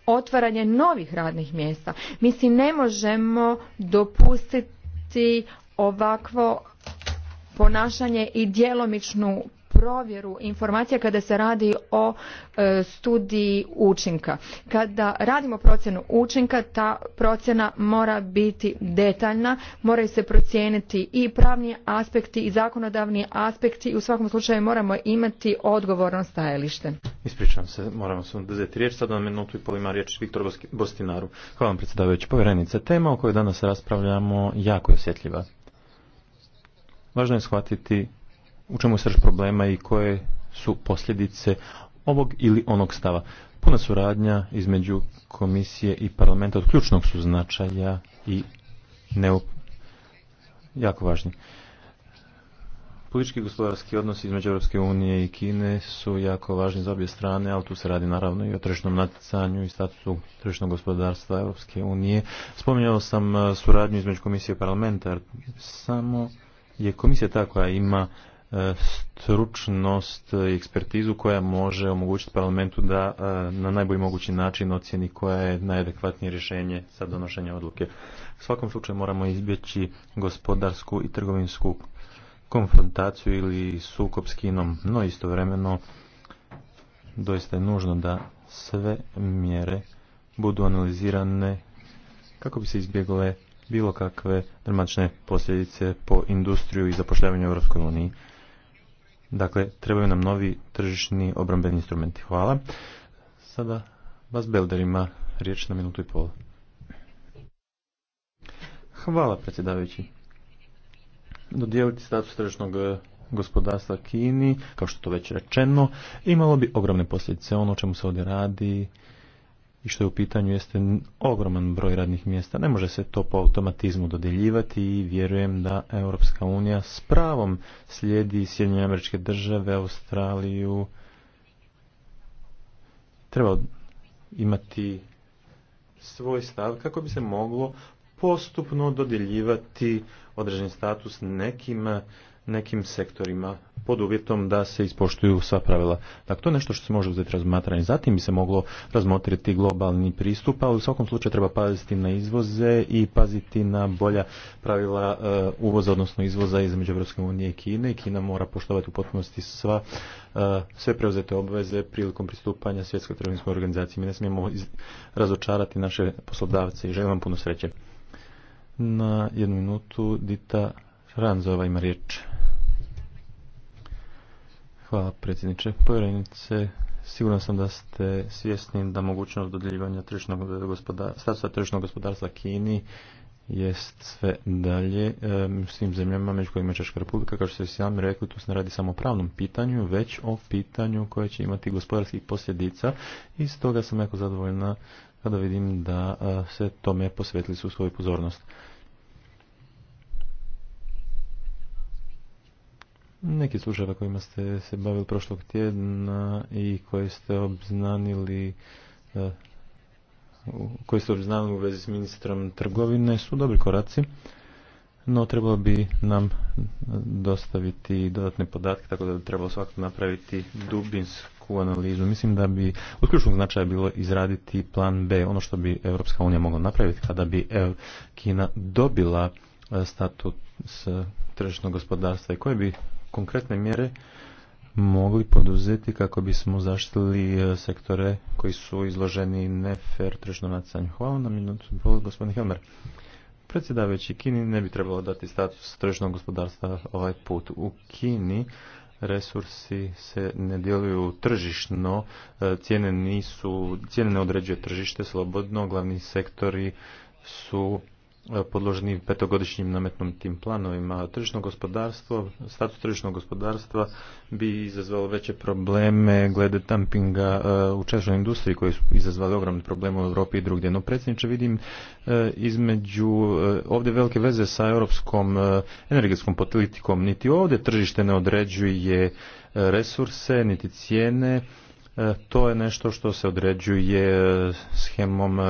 otvaranje novih radnih mjesta. Mi si ne možemo dopustiti ovakvo ponašanje i djelomičnu provjeru informacija kada se radi o e, studiji učinka. Kada radimo procjenu učinka, ta procjena mora biti detaljna, moraju se procijeniti i pravni aspekti i zakonodavni aspekti i u svakom slučaju moramo imati odgovorno stajalište. Ispričavam se, moramo se uzeti riječ, sad na minutu i pol ima riječ Viktor Bostinaru. Hvala vam predsjedavajući povjerenice. Tema o kojoj danas raspravljamo jako je osjetljiva. Važno je shvatiti u čemu je srž problema i koje su posljedice ovog ili onog stava. Puna suradnja između komisije i parlamenta od ključnog su značaja i jako važni. Politički gospodarski odnosi između Europske unije i Kine su jako važni za obje strane, ali tu se radi naravno i o tržišnom natjecanju i statusu tržišnog gospodarstva Europske unije. Spominjao sam e, suradnju između komisije i parlamenta, samo je komisija ta koja ima E, stručnost i ekspertizu koja može omogućiti parlamentu da e, na najbolji mogući način ocjeni koja je najadekvatnije rješenje za donošenje odluke. U svakom slučaju moramo izbjeći gospodarsku i trgovinsku konfrontaciju ili sukob s Kinom, no istovremeno doista je nužno da sve mjere budu analizirane kako bi se izbjegle bilo kakve dramatične posljedice po industriju i zapošljavanju u Europskoj uniji. Dakle, trebaju nam novi tržišni obrambeni instrumenti. Hvala. Sada vas Belder ima riječ na minutu i pol. Hvala, predsjedavajući. Dodijeliti status tržišnog e, gospodarstva Kini, kao što to već rečeno, imalo bi ogromne posljedice. Ono o čemu se ovdje radi i što je u pitanju jeste ogroman broj radnih mjesta. Ne može se to po automatizmu dodeljivati i vjerujem da Europska unija s pravom slijedi Sjedinje američke države, Australiju. Treba imati svoj stav kako bi se moglo postupno dodjeljivati određen status nekim nekim sektorima pod uvjetom da se ispoštuju sva pravila. Dakle, to je nešto što se može uzeti razmatranje. Zatim bi se moglo razmotriti globalni pristup, ali u svakom slučaju treba paziti na izvoze i paziti na bolja pravila eh, uvoza, odnosno izvoza između Evropske unije i Kine. Kina mora poštovati u potpunosti sva, eh, sve preuzete obveze prilikom pristupanja svjetskoj trgovinskoj organizaciji. Mi ne smijemo razočarati naše poslodavce i želim vam puno sreće. Na jednu minutu Dita Ranzova ima riječ. Hvala predsjedniče. Povjerenice, siguran sam da ste svjesni da mogućnost dodjeljivanja tržišnog tržišnog gospodarstva Kini jest sve dalje u svim zemljama među kojima je Češka republika. Kao što ste sami rekli, tu se ne radi samo o pravnom pitanju, već o pitanju koje će imati gospodarskih posljedica i stoga sam jako zadovoljna kada vidim da se tome posvetili su svoju pozornost. neki slučajeva kojima ste se bavili prošlog tjedna i koje ste obznanili e, koji ste obznanili u vezi s ministrom trgovine su dobri koraci no trebalo bi nam dostaviti dodatne podatke tako da bi trebalo svakako napraviti dubinsku analizu. Mislim da bi od ključnog značaja bilo izraditi plan B, ono što bi Europska unija mogla napraviti kada bi Kina dobila e, statut e, tržišnog gospodarstva i koje bi konkretne mjere mogli poduzeti kako bismo zaštitili e, sektore koji su izloženi nefer tržno nacanju. Hvala na minutu, gospodin Helmer. Predsjedavajući Kini ne bi trebalo dati status tržnog gospodarstva ovaj put. U Kini resursi se ne djeluju tržišno, e, cijene nisu, cijene ne određuje tržište slobodno, glavni sektori su E, podložni petogodišnjim tim planovima. Tržišno gospodarstvo, status tržišnog gospodarstva bi izazvalo veće probleme glede tampinga e, u češnoj industriji koji su izazvali ogromne probleme u Europi i drugdje. No predsjedniče vidim e, između ovdje velike veze sa europskom energetskom politikom. Niti ovdje tržište ne određuje resurse, niti cijene. To je nešto što se određuje schemom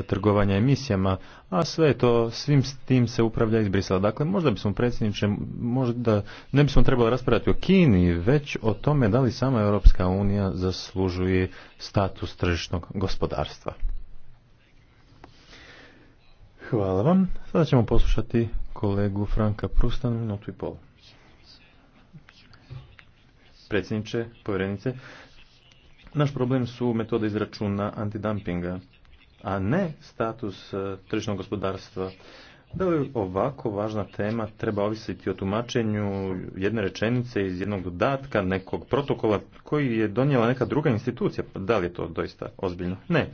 trgovanja emisijama, a sve to, svim s tim se upravlja iz Brisela. Dakle, možda bismo predsjedniče, možda ne bismo trebali raspravljati o Kini, već o tome da li sama Europska unija zaslužuje status tržišnog gospodarstva. Hvala vam. Sada ćemo poslušati kolegu Franka Prusta na minutu i pol. Predsjedniče, povjerenice, naš problem su metode izračuna antidumpinga a ne status e, tržišnog gospodarstva. Da li ovako važna tema treba ovisiti o tumačenju jedne rečenice iz jednog dodatka nekog protokola koji je donijela neka druga institucija? Pa da li je to doista ozbiljno? Ne.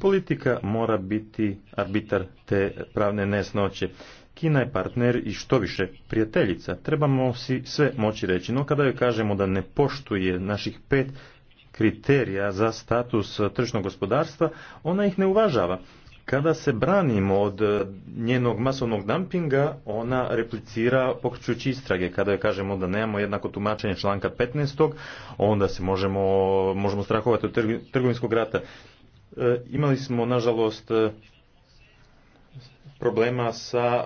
Politika mora biti arbitar te pravne nesnoće. Kina je partner i što više prijateljica. Trebamo si sve moći reći, no kada joj kažemo da ne poštuje naših pet kriterija za status tržnog gospodarstva, ona ih ne uvažava. Kada se branimo od e, njenog masovnog dumpinga, ona replicira pokričujući istrage. Kada je kažemo da nemamo jednako tumačenje članka 15. onda se možemo, možemo strahovati od trgovinskog rata. E, imali smo, nažalost, e, problema sa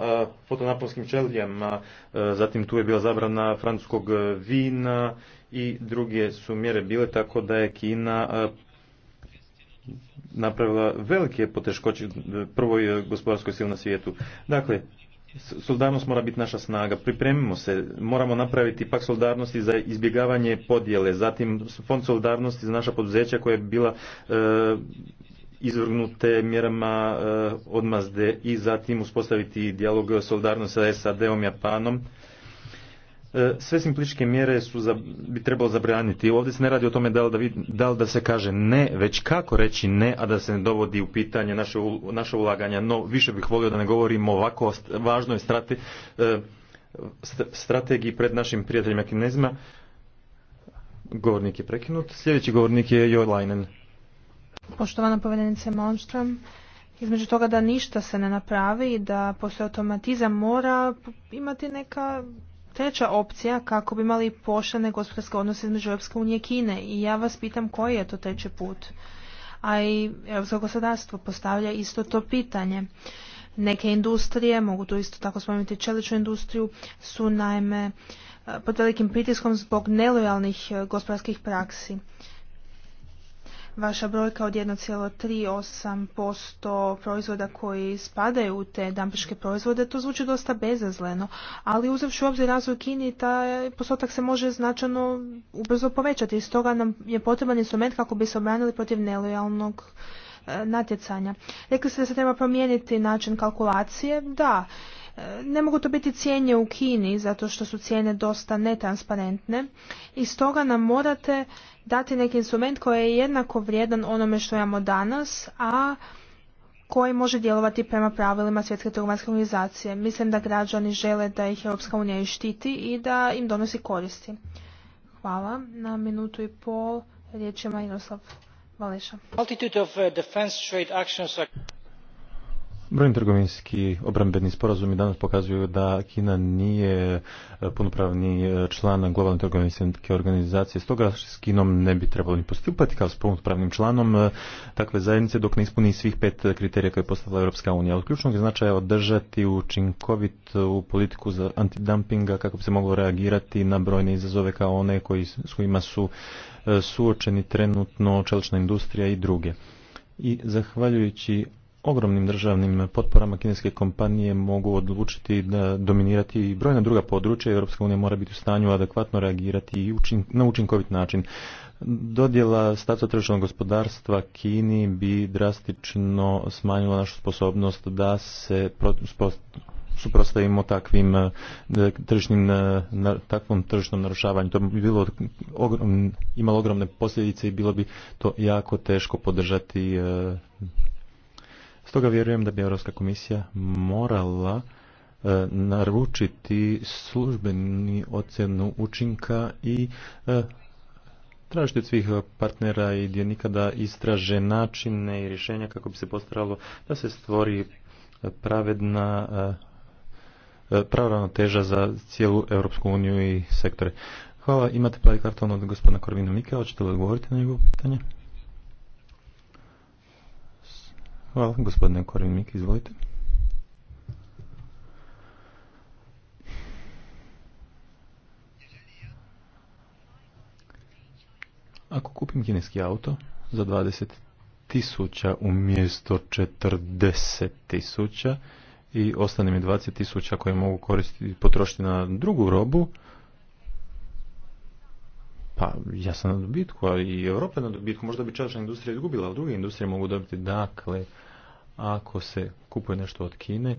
fotonaponskim čelijama, zatim tu je bila zabrana francuskog vina i druge su mjere bile tako da je Kina napravila velike poteškoće prvoj gospodarskoj sili na svijetu. Dakle, solidarnost mora biti naša snaga. Pripremimo se, moramo napraviti pak solidarnosti za izbjegavanje podjele, zatim fond solidarnosti za naša poduzeća koja je bila e, izvrgnute mjerama e, odmazde i zatim uspostaviti dijalog e, solidarnosti sa SAD-om, Japanom E, sve simpličke mjere su za, bi trebalo zabraniti. Ovdje se ne radi o tome da li da, da se kaže ne, već kako reći ne, a da se ne dovodi u pitanje naše, naše ulaganja. No, više bih volio da ne govorimo ovako o važnoj strate, e, strategiji pred našim prijateljima kinezima. Govornik je prekinut. Sljedeći govornik je Jo Lajnen. Poštovana povedenice Malmström, između toga da ništa se ne napravi i da postoje automatizam mora imati neka treća opcija kako bi imali poštene gospodarske odnose između Europske unije i Kine i ja vas pitam koji je to treći put. A i Europsko gospodarstvo postavlja isto to pitanje. Neke industrije, mogu tu isto tako spomenuti čeličnu industriju, su naime eh, pod velikim pritiskom zbog nelojalnih eh, gospodarskih praksi vaša brojka od 1,38% proizvoda koji spadaju u te dampiške proizvode, to zvuči dosta bezazleno, ali uzavši u obzir razvoj Kini, taj postotak se može značajno ubrzo povećati i stoga nam je potreban instrument kako bi se obranili protiv nelojalnog e, natjecanja. Rekli ste da se treba promijeniti način kalkulacije, da, ne mogu to biti cijenje u Kini zato što su cijene dosta netransparentne i stoga nam morate dati neki instrument koji je jednako vrijedan onome što imamo danas, a koji može djelovati prema pravilima svjetske trgovinske organizacije. Mislim da građani žele da ih Europska unija i štiti i da im donosi koristi. Hvala. Na minutu i pol riječ je Majinoslav Valeša. Brojni trgovinski obrambeni sporazumi danas pokazuju da Kina nije e, punopravni e, član globalne trgovinske organizacije, stoga s Kinom ne bi trebalo ni postupati kao s punopravnim članom e, takve zajednice dok ne ispuni svih pet kriterija koje je postavila Europska unija. Od ključnog značaja održati učinkovitu politiku za antidumpinga kako bi se moglo reagirati na brojne izazove kao one koji, s kojima su suočeni trenutno čelična industrija i druge i zahvaljujući ogromnim državnim potporama kineske kompanije mogu odlučiti da dominirati i brojna druga područja. Europska unija mora biti u stanju adekvatno reagirati i učin, na učinkovit način. Dodjela statusa tržišnog gospodarstva Kini bi drastično smanjila našu sposobnost da se suprotstavimo takvim e, tržišnim, e, takvom tržišnom narušavanju. To bi bilo ogrom, imalo ogromne posljedice i bilo bi to jako teško podržati e, Stoga vjerujem da bi Europska komisija morala e, naručiti službeni ocjenu učinka i e, tražiti od svih partnera i dionika da istraže načine i rješenja kako bi se postaralo da se stvori pravedna e, e teža za cijelu Europsku uniju i sektore. Hvala, imate plavi karton od gospodina Korvina Mika, hoćete li odgovoriti na njegovo pitanje? Hvala, gospodine Korin Mik, izvolite. Ako kupim kineski auto za 20 tisuća umjesto 40 tisuća i ostane mi 20 tisuća koje mogu koristiti, potrošiti na drugu robu, pa ja sam na dobitku, a i Europa na dobitku. Možda bi čašna industrija izgubila, ali druge industrije mogu dobiti. Dakle, ako se kupuje nešto od Kine,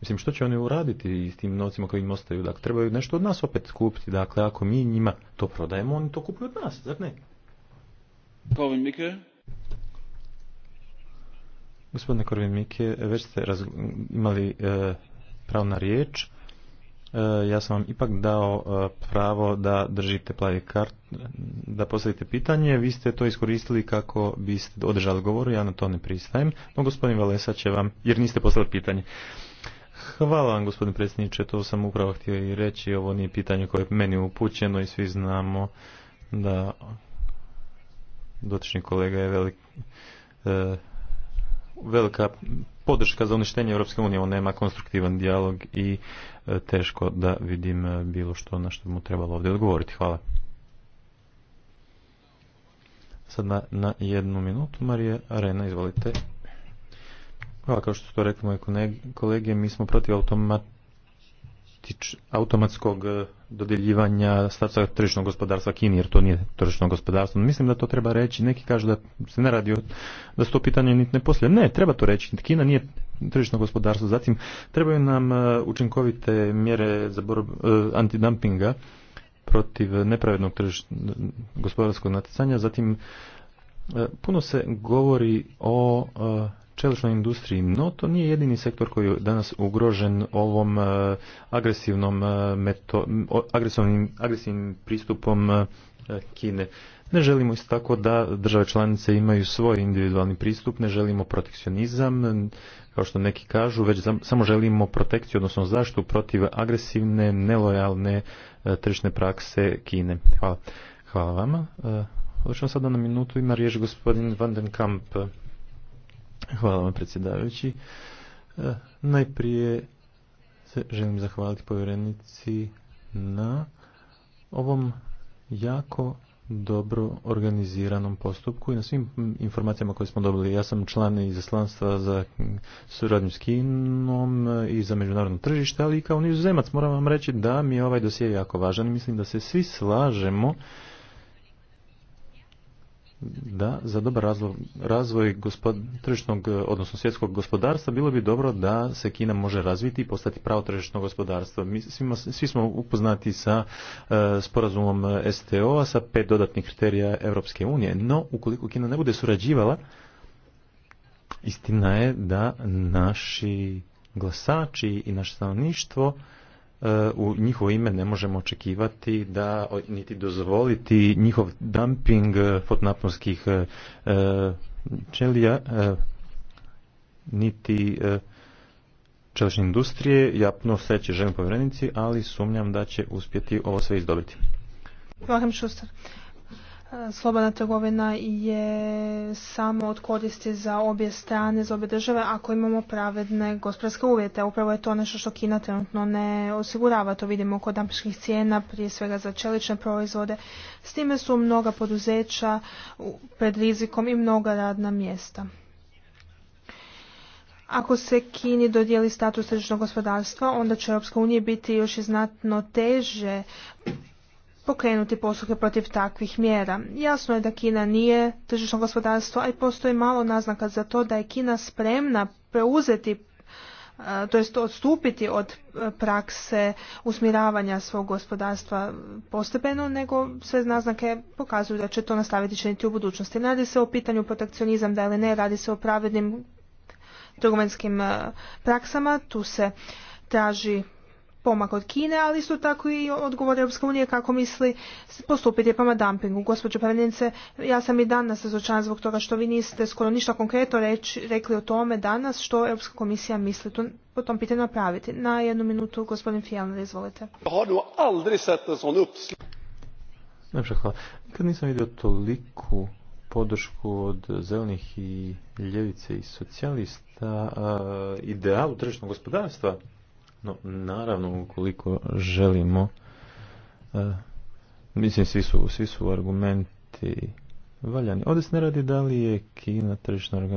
Mislim, što će oni uraditi s tim novcima koji im ostaju? Dakle, trebaju nešto od nas opet kupiti. Dakle, ako mi njima to prodajemo, oni to kupuju od nas, zar ne? Korvin Mike. Gospodine Korvin Mike, već ste imali e, pravna riječ. E, ja sam vam ipak dao e, pravo da držite plavi kart, da postavite pitanje. Vi ste to iskoristili kako biste održali govor, ja na to ne pristajem. No gospodin Valesa će vam, jer niste postavili pitanje. Hvala vam gospodine predsjedniče, to sam upravo htio i reći, ovo nije pitanje koje je meni upućeno i svi znamo da dotični kolega je velik, e, velika podrška za uništenje Europske unije, on nema konstruktivan dijalog i e, teško da vidim e, bilo što na što bi mu trebalo ovdje odgovoriti. Hvala. Sad na, na jednu minutu, Marija Arena, izvolite. Hvala, kao što su to rekli moje kolege, mi smo protiv automata tiče automatskog eh, dodjeljivanja statusa tržišnog gospodarstva Kini, jer to nije tržišno gospodarstvo. Mislim da to treba reći. Neki kažu da se ne radi, da se to pitanje niti ne poslije. Ne, treba to reći. Kina nije tržišno gospodarstvo. Zatim, trebaju nam eh, učinkovite mjere za borbu eh, antidumpinga protiv nepravednog gospodarskog natjecanja. Zatim, puno se govori o čeličnoj industriji, no to nije jedini sektor koji je danas ugrožen ovom e, agresivnom, e, meto, agresivnim, agresivnim pristupom e, Kine. Ne želimo isto tako da države članice imaju svoj individualni pristup, ne želimo protekcionizam, kao što neki kažu, već samo želimo protekciju, odnosno zaštitu protiv agresivne, nelojalne tržišne prakse Kine. Hvala. Hvala vama. sada na minutu ima riječ gospodin Van den Kamp. Hvala vam predsjedavajući. E, najprije se želim zahvaliti povjerenici na ovom jako dobro organiziranom postupku i na svim informacijama koje smo dobili. Ja sam član izaslanstva za suradnju s Kinom i za međunarodno tržište, ali i kao nizozemac moram vam reći da mi je ovaj dosije jako važan i mislim da se svi slažemo da za dobar razvoj, razvoj gospod, tržišnog, eh, odnosno svjetskog gospodarstva bilo bi dobro da se Kina može razviti i postati pravo tržišno gospodarstvo. Mi svi smo upoznati sa eh, sporazumom STO-a sa pet dodatnih kriterija Europske unije, no ukoliko Kina ne bude surađivala, istina je da naši glasači i naše stanovništvo u njihovo ime ne možemo očekivati da niti dozvoliti njihov dumping fotonaponskih e, čelija e, e, niti čelične industrije. Ja puno sreće želim povjerenici, ali sumnjam da će uspjeti ovo sve izdobiti. ste slobodna trgovina je samo od koristi za obje strane, za obje države, ako imamo pravedne gospodarske uvjete. Upravo je to nešto što Kina trenutno ne osigurava. To vidimo kod dampiških cijena, prije svega za čelične proizvode. S time su mnoga poduzeća pred rizikom i mnoga radna mjesta. Ako se Kini dodijeli status tržišnog gospodarstva, onda će Europska unija biti još i znatno teže pokrenuti posluke protiv takvih mjera. Jasno je da Kina nije tržišno gospodarstvo, a i postoji malo naznaka za to da je Kina spremna preuzeti e, to jest odstupiti od e, prakse usmjeravanja svog gospodarstva postepeno, nego sve naznake pokazuju da će to nastaviti činiti u budućnosti. radi se o pitanju protekcionizam, da li ne, radi se o pravednim trgovinskim e, praksama, tu se traži pomak od Kine, ali isto tako i odgovor Europske unije kako misli postupiti prema dumpingu. Gospođo predsjednice, ja sam i danas razočan zbog toga što vi niste skoro ništa konkretno rekli o tome danas što Europska komisija misli tu, po tom pitanju napraviti. Na jednu minutu, gospodin Fijalner, izvolite. Najprej hvala. Nikad nisam vidio toliku podršku od zelenih i ljevice i socijalista idealu tržišnog gospodarstva no, naravno, ukoliko želimo, e, mislim, svi su, svi su argumenti valjani. Ovdje se ne radi da li je Kina tržišno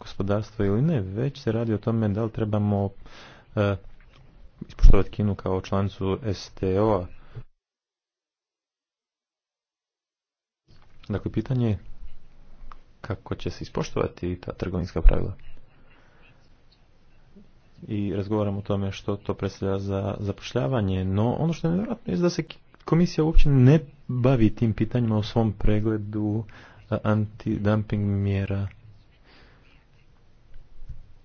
gospodarstvo ili ne, već se radi o tome da li trebamo uh, ispoštovati Kinu kao člancu STO-a. Dakle, pitanje kako će se ispoštovati ta trgovinska pravila i razgovaramo o tome što to predstavlja za zapošljavanje, no ono što je nevjerojatno je da se komisija uopće ne bavi tim pitanjima u svom pregledu antidumping mjera.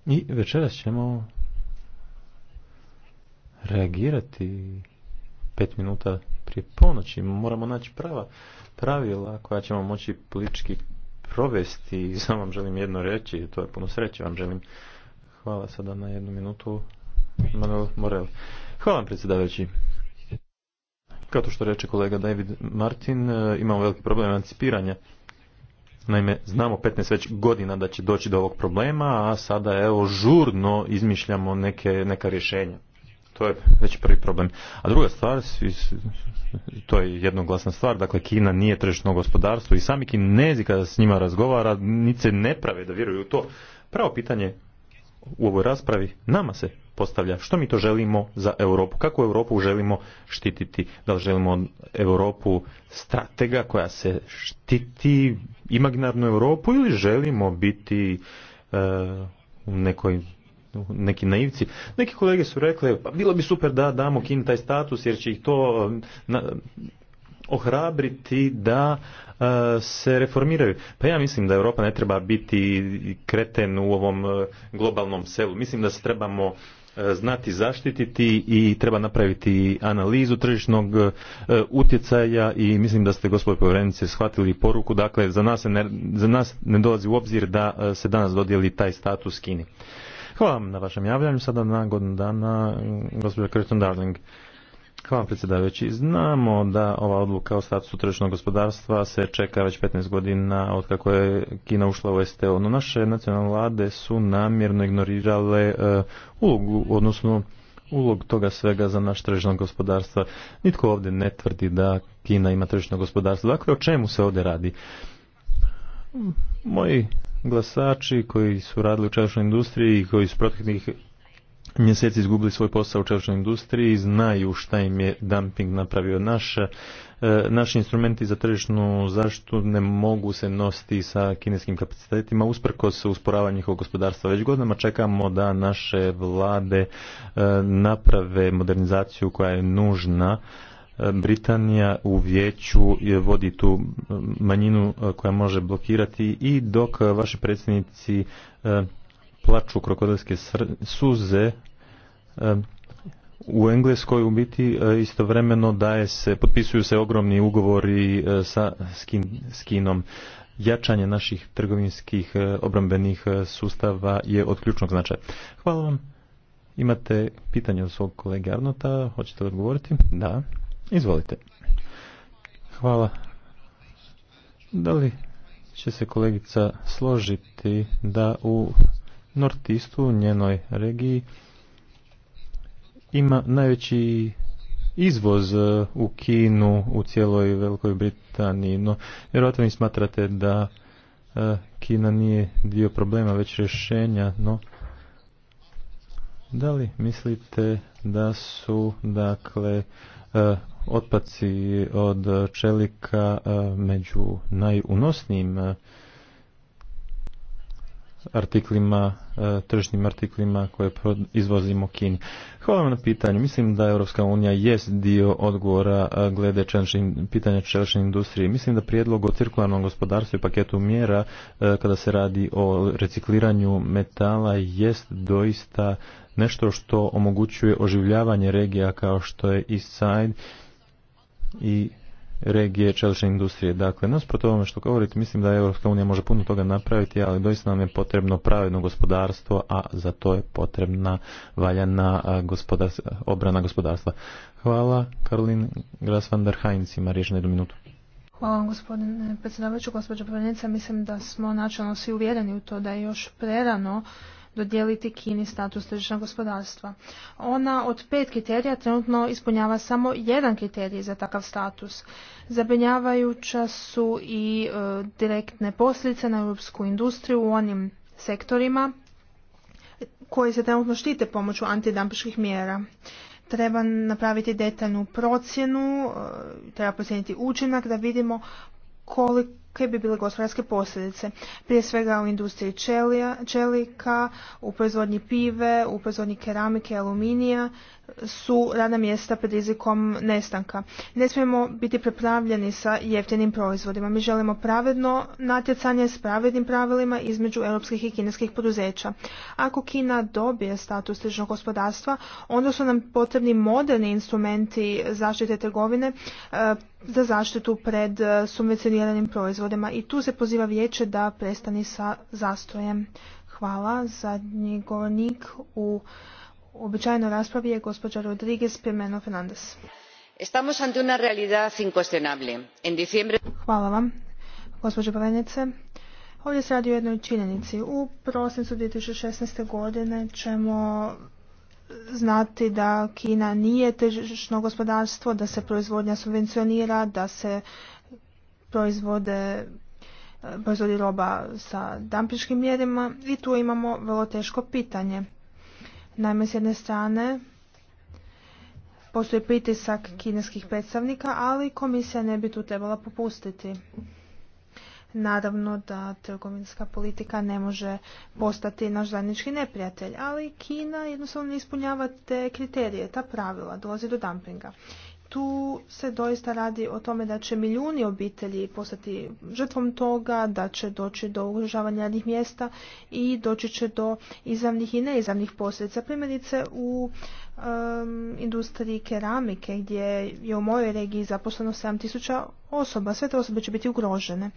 I večeras ćemo reagirati pet minuta prije ponoći. Moramo naći prava pravila koja ćemo moći politički provesti. Samo vam želim jedno reći, to je puno sreće vam želim. Hvala sada na jednu minutu. Manuel Morel. Hvala vam predsjedavajući. Kao što reče kolega David Martin, e, imamo veliki problem anticipiranja. Naime, znamo 15 već godina da će doći do ovog problema, a sada evo žurno izmišljamo neke, neka rješenja. To je već prvi problem. A druga stvar, to je jednoglasna stvar, dakle Kina nije tržišno gospodarstvo i sami kinezi kada s njima razgovara, nice ne prave da vjeruju u to. Pravo pitanje u ovoj raspravi nama se postavlja što mi to želimo za Europu, kako Europu želimo štititi, da li želimo Europu stratega koja se štiti imaginarnu Europu ili želimo biti e, u nekoj neki naivci. Neki kolege su rekli, pa bilo bi super da damo Kini taj status jer će ih to na, ohrabriti da e, se reformiraju. Pa ja mislim da Europa ne treba biti kreten u ovom e, globalnom selu. Mislim da se trebamo e, znati zaštititi i treba napraviti analizu tržišnog utjecaja i mislim da ste gospodine povjerenice shvatili poruku. Dakle, za nas, ne, za nas ne dolazi u obzir da se danas dodijeli taj status Kini. Hvala vam na vašem javljanju. Sada na godinu dana gospođa Darling. Hvala predsjedavajući. Znamo da ova odluka o statusu tržišnog gospodarstva se čeka već 15 godina od kako je Kina ušla u STO, no naše nacionalne vlade su namjerno ignorirale e, ulogu, odnosno ulog toga svega za naš tržišno gospodarstvo. Nitko ovdje ne tvrdi da Kina ima tržišno gospodarstvo. Dakle, o čemu se ovdje radi? Moji glasači koji su radili u čašnoj industriji i koji su proteklih mjeseci izgubili svoj posao u čelčnoj industriji i znaju šta im je dumping napravio. Naš, e, naši instrumenti za tržišnu zaštitu ne mogu se nositi sa kineskim kapacitetima usprkos usporavanju njihovog gospodarstva. Već godinama čekamo da naše vlade e, naprave modernizaciju koja je nužna e, Britanija u vijeću vodi tu manjinu koja može blokirati i dok vaši predsjednici plaču krokodilske suze u Engleskoj u biti eh, istovremeno daje se, potpisuju se ogromni ugovori eh, sa skin, skinom. Jačanje naših trgovinskih eh, obrambenih sustava je od ključnog značaja. Hvala vam. Imate pitanje od svog kolege Arnota, hoćete li odgovoriti? Da, izvolite. Hvala. Da li će se kolegica složiti da u Nortistu, njenoj regiji, ima najveći izvoz e, u Kinu, u cijeloj Velikoj Britaniji, no vjerojatno vi smatrate da e, Kina nije dio problema, već rješenja, no da li mislite da su dakle e, otpaci od čelika među najunosnijim artiklima, e, tržnim artiklima koje izvozimo Kini. Hvala vam na pitanju. Mislim da Europska unija jest dio odgovora e, glede pitanja čelične industrije. Mislim da prijedlog o cirkularnom gospodarstvu i paketu mjera e, kada se radi o recikliranju metala jest doista nešto što omogućuje oživljavanje regija kao što je East Side i regije čelične industrije. Dakle, nasprot ovome što govorite, mislim da Europska unija može puno toga napraviti, ali doista nam je potrebno pravedno gospodarstvo, a za to je potrebna valjana obrana gospodarstva. Hvala, Karolin Gras van ima riječ na jednu minutu. Hvala vam gospodine predsjedavajuću, gospođo Povjerenica. Mislim da smo načelno svi uvjereni u to da je još prerano dodijeliti Kini status tržišnog gospodarstva. Ona od pet kriterija trenutno ispunjava samo jedan kriterij za takav status. Zabrinjavajuća su i e, direktne posljedice na europsku industriju u onim sektorima koji se trenutno štite pomoću antidampiških mjera treba napraviti detaljnu procjenu, e, treba procijeniti učinak da vidimo koliko koje bi bile gospodarske posljedice. Prije svega u industriji čelika, u proizvodnji pive, u proizvodnji keramike, aluminija su radna mjesta pred rizikom nestanka. Ne smijemo biti prepravljeni sa jeftinim proizvodima. Mi želimo pravedno natjecanje s pravednim pravilima između europskih i kineskih poduzeća. Ako Kina dobije status tržnog gospodarstva, onda su nam potrebni moderni instrumenti zaštite trgovine eh, za zaštitu pred eh, subvencioniranim proizvodima i tu se poziva vijeće da prestani sa zastojem. Hvala. Zadnji govornik u običajnoj raspravi je gospođa Rodriguez Pimeno Fernandez. Estamos ante una realidad Hvala vam, gospođo Pravenice. Ovdje se radi o jednoj činjenici. U prosincu 2016. godine ćemo znati da Kina nije tržišno gospodarstvo, da se proizvodnja subvencionira, da se proizvode e, proizvodi roba sa dampiškim mjerima i tu imamo vrlo teško pitanje. Naime, s jedne strane postoji pritisak kineskih predstavnika, ali komisija ne bi tu trebala popustiti. Naravno da trgovinska politika ne može postati naš zajednički neprijatelj, ali Kina jednostavno ne ispunjava te kriterije, ta pravila, dolazi do dumpinga tu se doista radi o tome da će milijuni obitelji postati žrtvom toga, da će doći do ugrožavanja radnih mjesta i doći će do izravnih i neizravnih posljedica. Primjerice u industriji keramike gdje je u mojoj regiji zaposleno 7000 osoba, sve te osobe će biti ugrožene.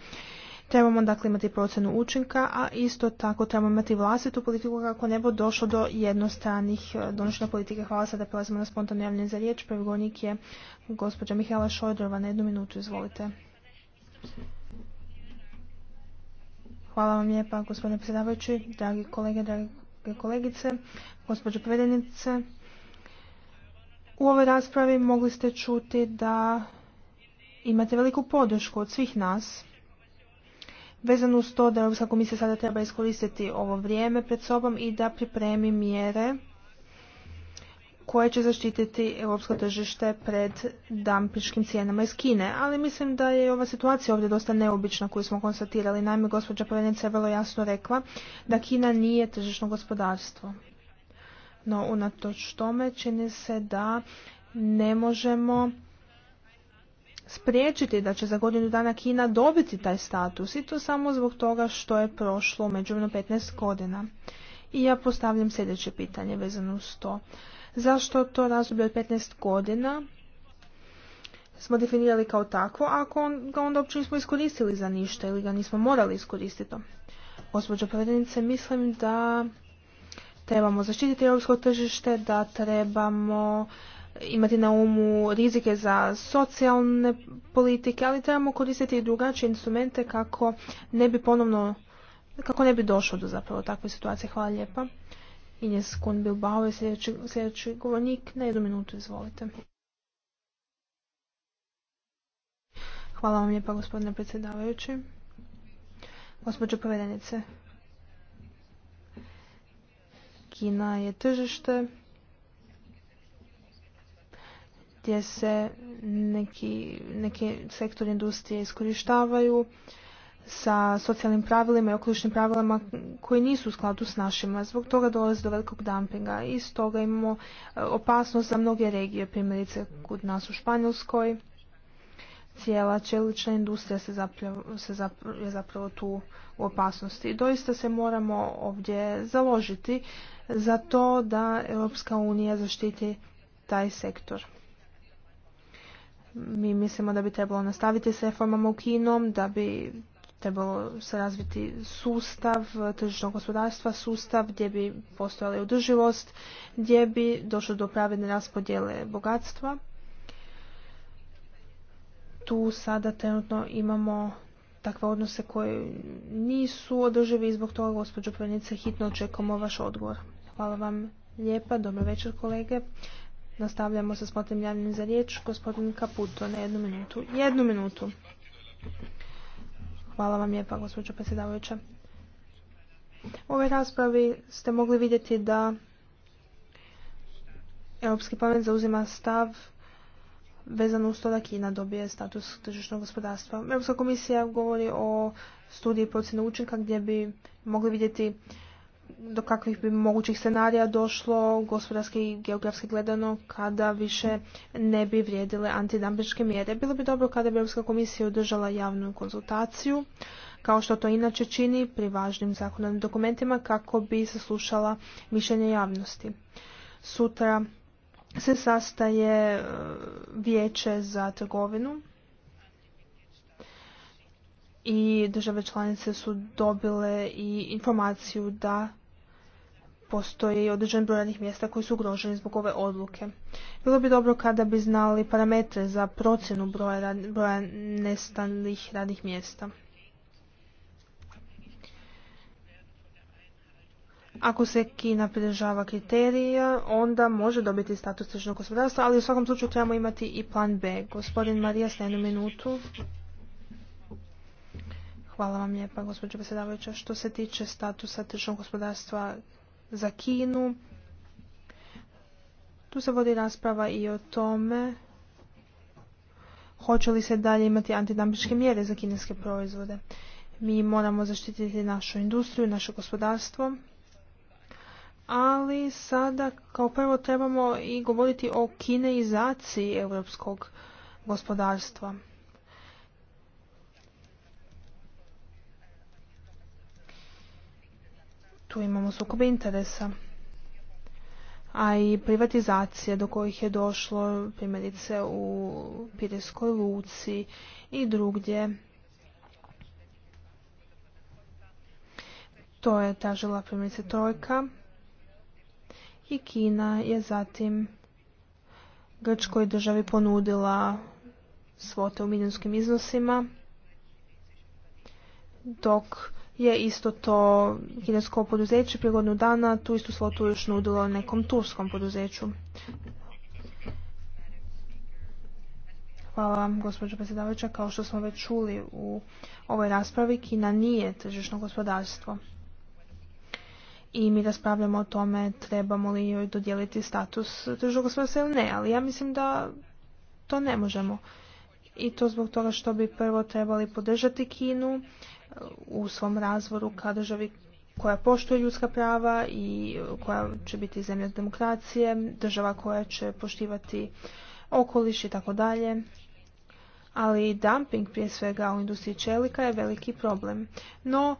Trebamo dakle imati procenu učinka, a isto tako trebamo imati vlastitu politiku kako ne bi došlo do jednostranih e, donošenja politike. Hvala sada prelazimo na spontano javljanje za riječ. Prvi govornik je gospođa Mihajla Šojdrova na jednu minutu. Izvolite. Hvala vam lijepa gospodine predsjedavajući, dragi kolege, dragi kolegice, gospođo predsjednice. U ovoj raspravi mogli ste čuti da imate veliku podršku od svih nas vezano uz to da Europska komisija sada treba iskoristiti ovo vrijeme pred sobom i da pripremi mjere koje će zaštititi europsko tržište pred dampiškim cijenama iz Kine. Ali mislim da je ova situacija ovdje dosta neobična koju smo konstatirali. Naime, gospođa povjerenica je vrlo jasno rekla da Kina nije tržišno gospodarstvo. No, unatoč tome čini se da ne možemo spriječiti da će za godinu dana Kina dobiti taj status i to samo zbog toga što je prošlo međuvno 15 godina. I ja postavljam sljedeće pitanje vezano uz to. Zašto to razdoblje od 15 godina smo definirali kao takvo, ako ga onda uopće nismo iskoristili za ništa ili ga nismo morali iskoristiti? Gospođo povedenice, mislim da trebamo zaštititi europsko tržište, da trebamo imati na umu rizike za socijalne politike, ali trebamo koristiti i drugačije instrumente kako ne bi ponovno kako ne bi došlo do zapravo takve situacije. Hvala lijepa. Ines Kun Bilbao je sljedeći, govornik. Na jednu minutu izvolite. Hvala vam lijepa gospodine predsjedavajući. Gospođo povedenice, Kina je tržište gdje se neki, neki sektor industrije iskorištavaju sa socijalnim pravilima i okolišnim pravilima koji nisu u skladu s našima. Zbog toga dolazi do velikog dumpinga i stoga imamo e, opasnost za mnoge regije, primjerice kod nas u Španjolskoj. Cijela čelična industrija se zapravo, se zapravo, je zapravo tu u opasnosti. Doista se moramo ovdje založiti za to da Europska unija zaštiti taj sektor. Mi mislimo da bi trebalo nastaviti s reformama u Kinom, da bi trebalo se razviti sustav tržišnog gospodarstva, sustav gdje bi postojala održivost, gdje bi došlo do pravedne raspodjele bogatstva. Tu sada trenutno imamo takve odnose koje nisu održivi i zbog toga, gospođo Prenice, hitno očekamo vaš odgovor. Hvala vam lijepa, dobro večer kolege. Nastavljamo sa spotnim javljenim za riječ. Gospodin Kaputo, na jednu minutu. Jednu minutu. Hvala vam lijepa, gospođo predsjedavajuća. U ovoj raspravi ste mogli vidjeti da Europski parlament zauzima stav vezan uz to da Kina dobije status tržišnog gospodarstva. Europska komisija govori o studiji procjene učinka gdje bi mogli vidjeti do kakvih bi mogućih scenarija došlo gospodarski i geografski gledano kada više ne bi vrijedile antidampičke mjere. Bilo bi dobro kada bi Europska komisija održala javnu konzultaciju, kao što to inače čini pri važnim zakonodavnim dokumentima kako bi se slušala mišljenje javnosti. Sutra se sastaje e, vijeće za trgovinu i države članice su dobile i informaciju da postoji određen broj radnih mjesta koji su ugroženi zbog ove odluke. Bilo bi dobro kada bi znali parametre za procjenu broja, broja nestalih radnih mjesta. Ako se Kina pridržava kriterija, onda može dobiti status tržnog gospodarstva, ali u svakom slučaju trebamo imati i plan B. Gospodin Marija, s jednu minutu. Hvala vam lijepa, gospođo predsjedavajuća. Što se tiče statusa tržnog gospodarstva za Kinu, tu se vodi rasprava i o tome hoće li se dalje imati antidampičke mjere za kineske proizvode. Mi moramo zaštititi našu industriju, naše gospodarstvo, ali sada kao prvo trebamo i govoriti o kineizaciji europskog gospodarstva. tu imamo sukobe interesa a i privatizacije do kojih je došlo primjerice u Pireskoj luci i drugdje. To je tražila primjerice Trojka i Kina je zatim Grčkoj državi ponudila svote u milijunskim iznosima dok je isto to kinesko poduzeće prije godinu dana tu istu slotu još nudilo nekom turskom poduzeću. Hvala vam, gospođo predsjedavajuća. Kao što smo već čuli u ovoj raspravi, Kina nije tržišno gospodarstvo. I mi raspravljamo o tome trebamo li joj dodijeliti status tržišnog gospodarstva ili ne, ali ja mislim da to ne možemo. I to zbog toga što bi prvo trebali podržati Kinu, u svom razvoru ka državi koja poštuje ljudska prava i koja će biti zemlja demokracije, država koja će poštivati okoliš i tako dalje. Ali dumping prije svega u industriji čelika je veliki problem. No,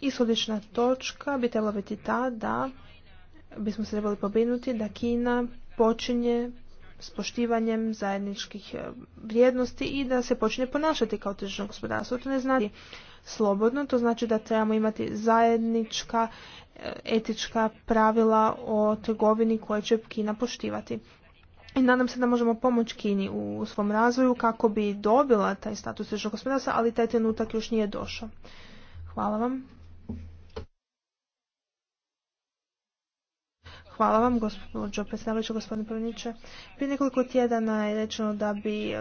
ishodična točka bi trebala biti ta da bismo se trebali pobinuti da Kina počinje s poštivanjem zajedničkih e, vrijednosti i da se počinje ponašati kao tržišno gospodarstvo. To ne znači slobodno, to znači da trebamo imati zajednička e, etička pravila o trgovini koje će Kina poštivati. I nadam se da možemo pomoći Kini u svom razvoju kako bi dobila taj status tržišnog gospodarstva, ali taj trenutak još nije došao. Hvala vam. Hvala vam, gospođo predstavljajuća, gospodine Prvniće. Prije nekoliko tjedana je rečeno da bi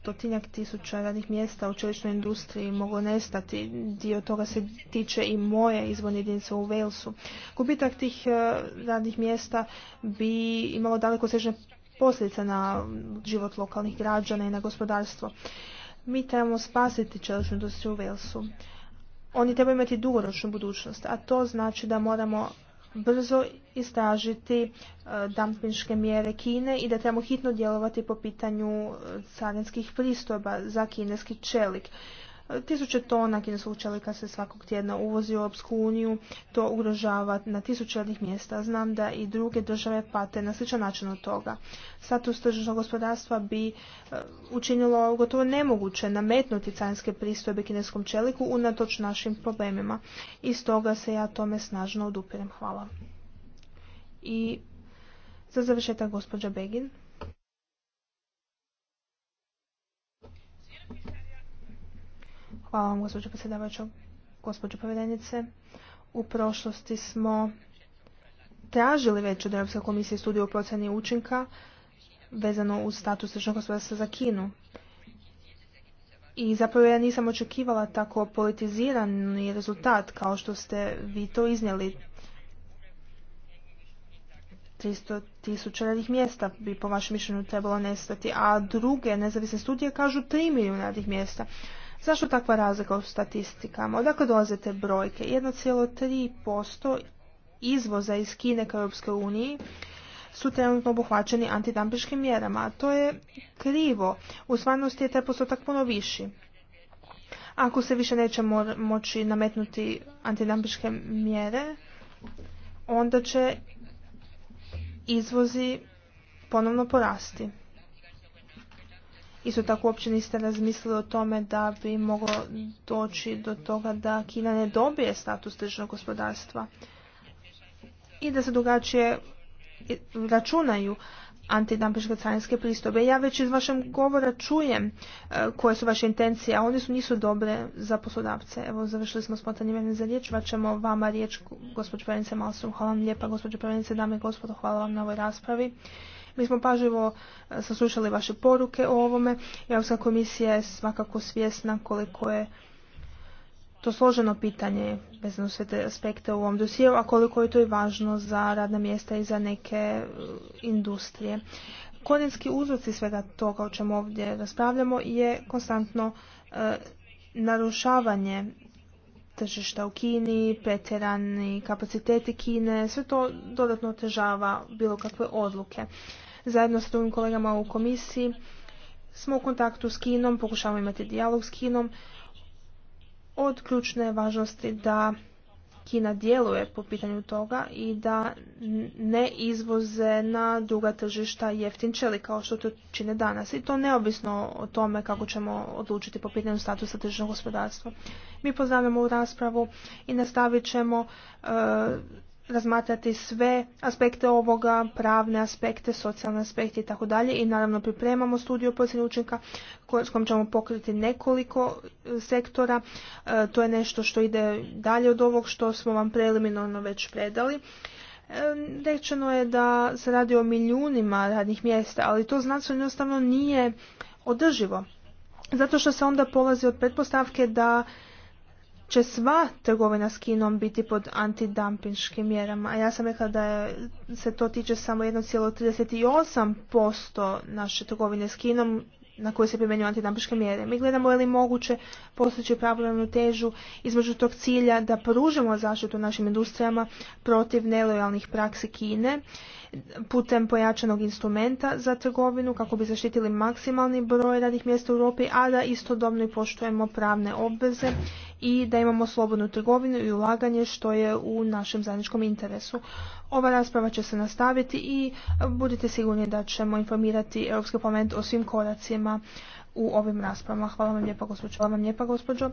stotinjak tisuća radnih mjesta u čeličnoj industriji moglo nestati. Dio toga se tiče i moje izvodne jedinice u Walesu. Gubitak tih e, radnih mjesta bi imalo daleko sežne posljedice na život lokalnih građana i na gospodarstvo. Mi trebamo spasiti čeličnu industriju u Walesu. Oni trebaju imati dugoročnu budućnost, a to znači da moramo brzo istražiti e, dampinške mjere Kine i da trebamo hitno djelovati po pitanju e, carinskih pristojba za kineski čelik. Tisuće tona kineskog čelika se svakog tjedna uvozi u Opsku uniju, to ugrožava na tisuće radnih mjesta. Znam da i druge države pate na sličan način od toga. Status tržišnog gospodarstva bi e, učinilo gotovo nemoguće nametnuti carinske pristojbe kineskom čeliku unatoč našim problemima. I stoga se ja tome snažno odupirem. Hvala. I za završetak gospođa Begin. Hvala vam, gospođo predsjedavajuća, gospođo U prošlosti smo tražili već od Europske komisije studiju o procjeni učinka vezano uz status stručnog gospodarstva za Kinu. I zapravo ja nisam očekivala tako politizirani rezultat kao što ste vi to iznijeli. 300 tisuća radnih mjesta bi po vašem mišljenju trebalo nestati, a druge nezavisne studije kažu 3 milijuna radnih mjesta. Zašto takva razlika u statistikama? Odakle dolaze te brojke? 1,3% izvoza iz Kine ka Europske uniji su trenutno obuhvaćeni antidampiškim mjerama, a to je krivo. U stvarnosti je taj postotak puno viši. Ako se više neće moći nametnuti antidampiške mjere, onda će izvozi ponovno porasti. Isto tako uopće niste razmislili o tome da bi moglo doći do toga da Kina ne dobije status tržišnog gospodarstva i da se drugačije računaju antidampeške carinske pristobe. Ja već iz vašeg govora čujem e, koje su vaše intencije, a one su nisu dobre za poslodavce. Evo, završili smo spontanim javnim za riječ, pa ćemo vama riječ, gospođo Prvenice Malstrom. Hvala vam lijepa, gospođo Prvenice, dame i gospodo, hvala vam na ovoj raspravi. Mi smo pažljivo e, saslušali vaše poruke o ovome. Europska komisija je svakako svjesna koliko je to složeno pitanje vezano sve te aspekte u ovom dosjeu, a koliko je to i važno za radna mjesta i za neke e, industrije. Konjenski uzroci svega toga o čemu ovdje raspravljamo je konstantno e, narušavanje tržišta u Kini, pretjerani kapaciteti Kine, sve to dodatno otežava bilo kakve odluke. Zajedno s drugim kolegama u komisiji smo u kontaktu s Kinom, pokušavamo imati dijalog s Kinom. Od ključne važnosti da Kina djeluje po pitanju toga i da ne izvoze na druga tržišta jeftin čeli kao što to čine danas i to neovisno o tome kako ćemo odlučiti po pitanju statusa tržišnog gospodarstva. Mi pozdravljamo u raspravu i nastavit ćemo e, razmatrati sve aspekte ovoga, pravne aspekte, socijalne aspekte i tako dalje i naravno pripremamo studiju o učenika učinka s kojom ćemo pokriti nekoliko e, sektora. E, to je nešto što ide dalje od ovog što smo vam preliminarno već predali. E, rečeno je da se radi o milijunima radnih mjesta, ali to znanstveno jednostavno nije održivo. Zato što se onda polazi od pretpostavke da će sva trgovina s Kinom biti pod antidampinškim mjerama. A ja sam rekla da se to tiče samo 1,38% naše trgovine s Kinom na koje se primjenjuju antidampiške mjere. Mi gledamo je li moguće postići pravilnu težu između tog cilja da pružimo zaštitu našim industrijama protiv nelojalnih praksi Kine putem pojačanog instrumenta za trgovinu kako bi zaštitili maksimalni broj radnih mjesta u Europi, a da istodobno i poštujemo pravne obveze i da imamo slobodnu trgovinu i ulaganje što je u našem zajedničkom interesu. Ova rasprava će se nastaviti i budite sigurni da ćemo informirati Europski parlament o svim koracima u ovim raspravama. Hvala vam lijepa gospođo. Hvala vam lijepa gospođo.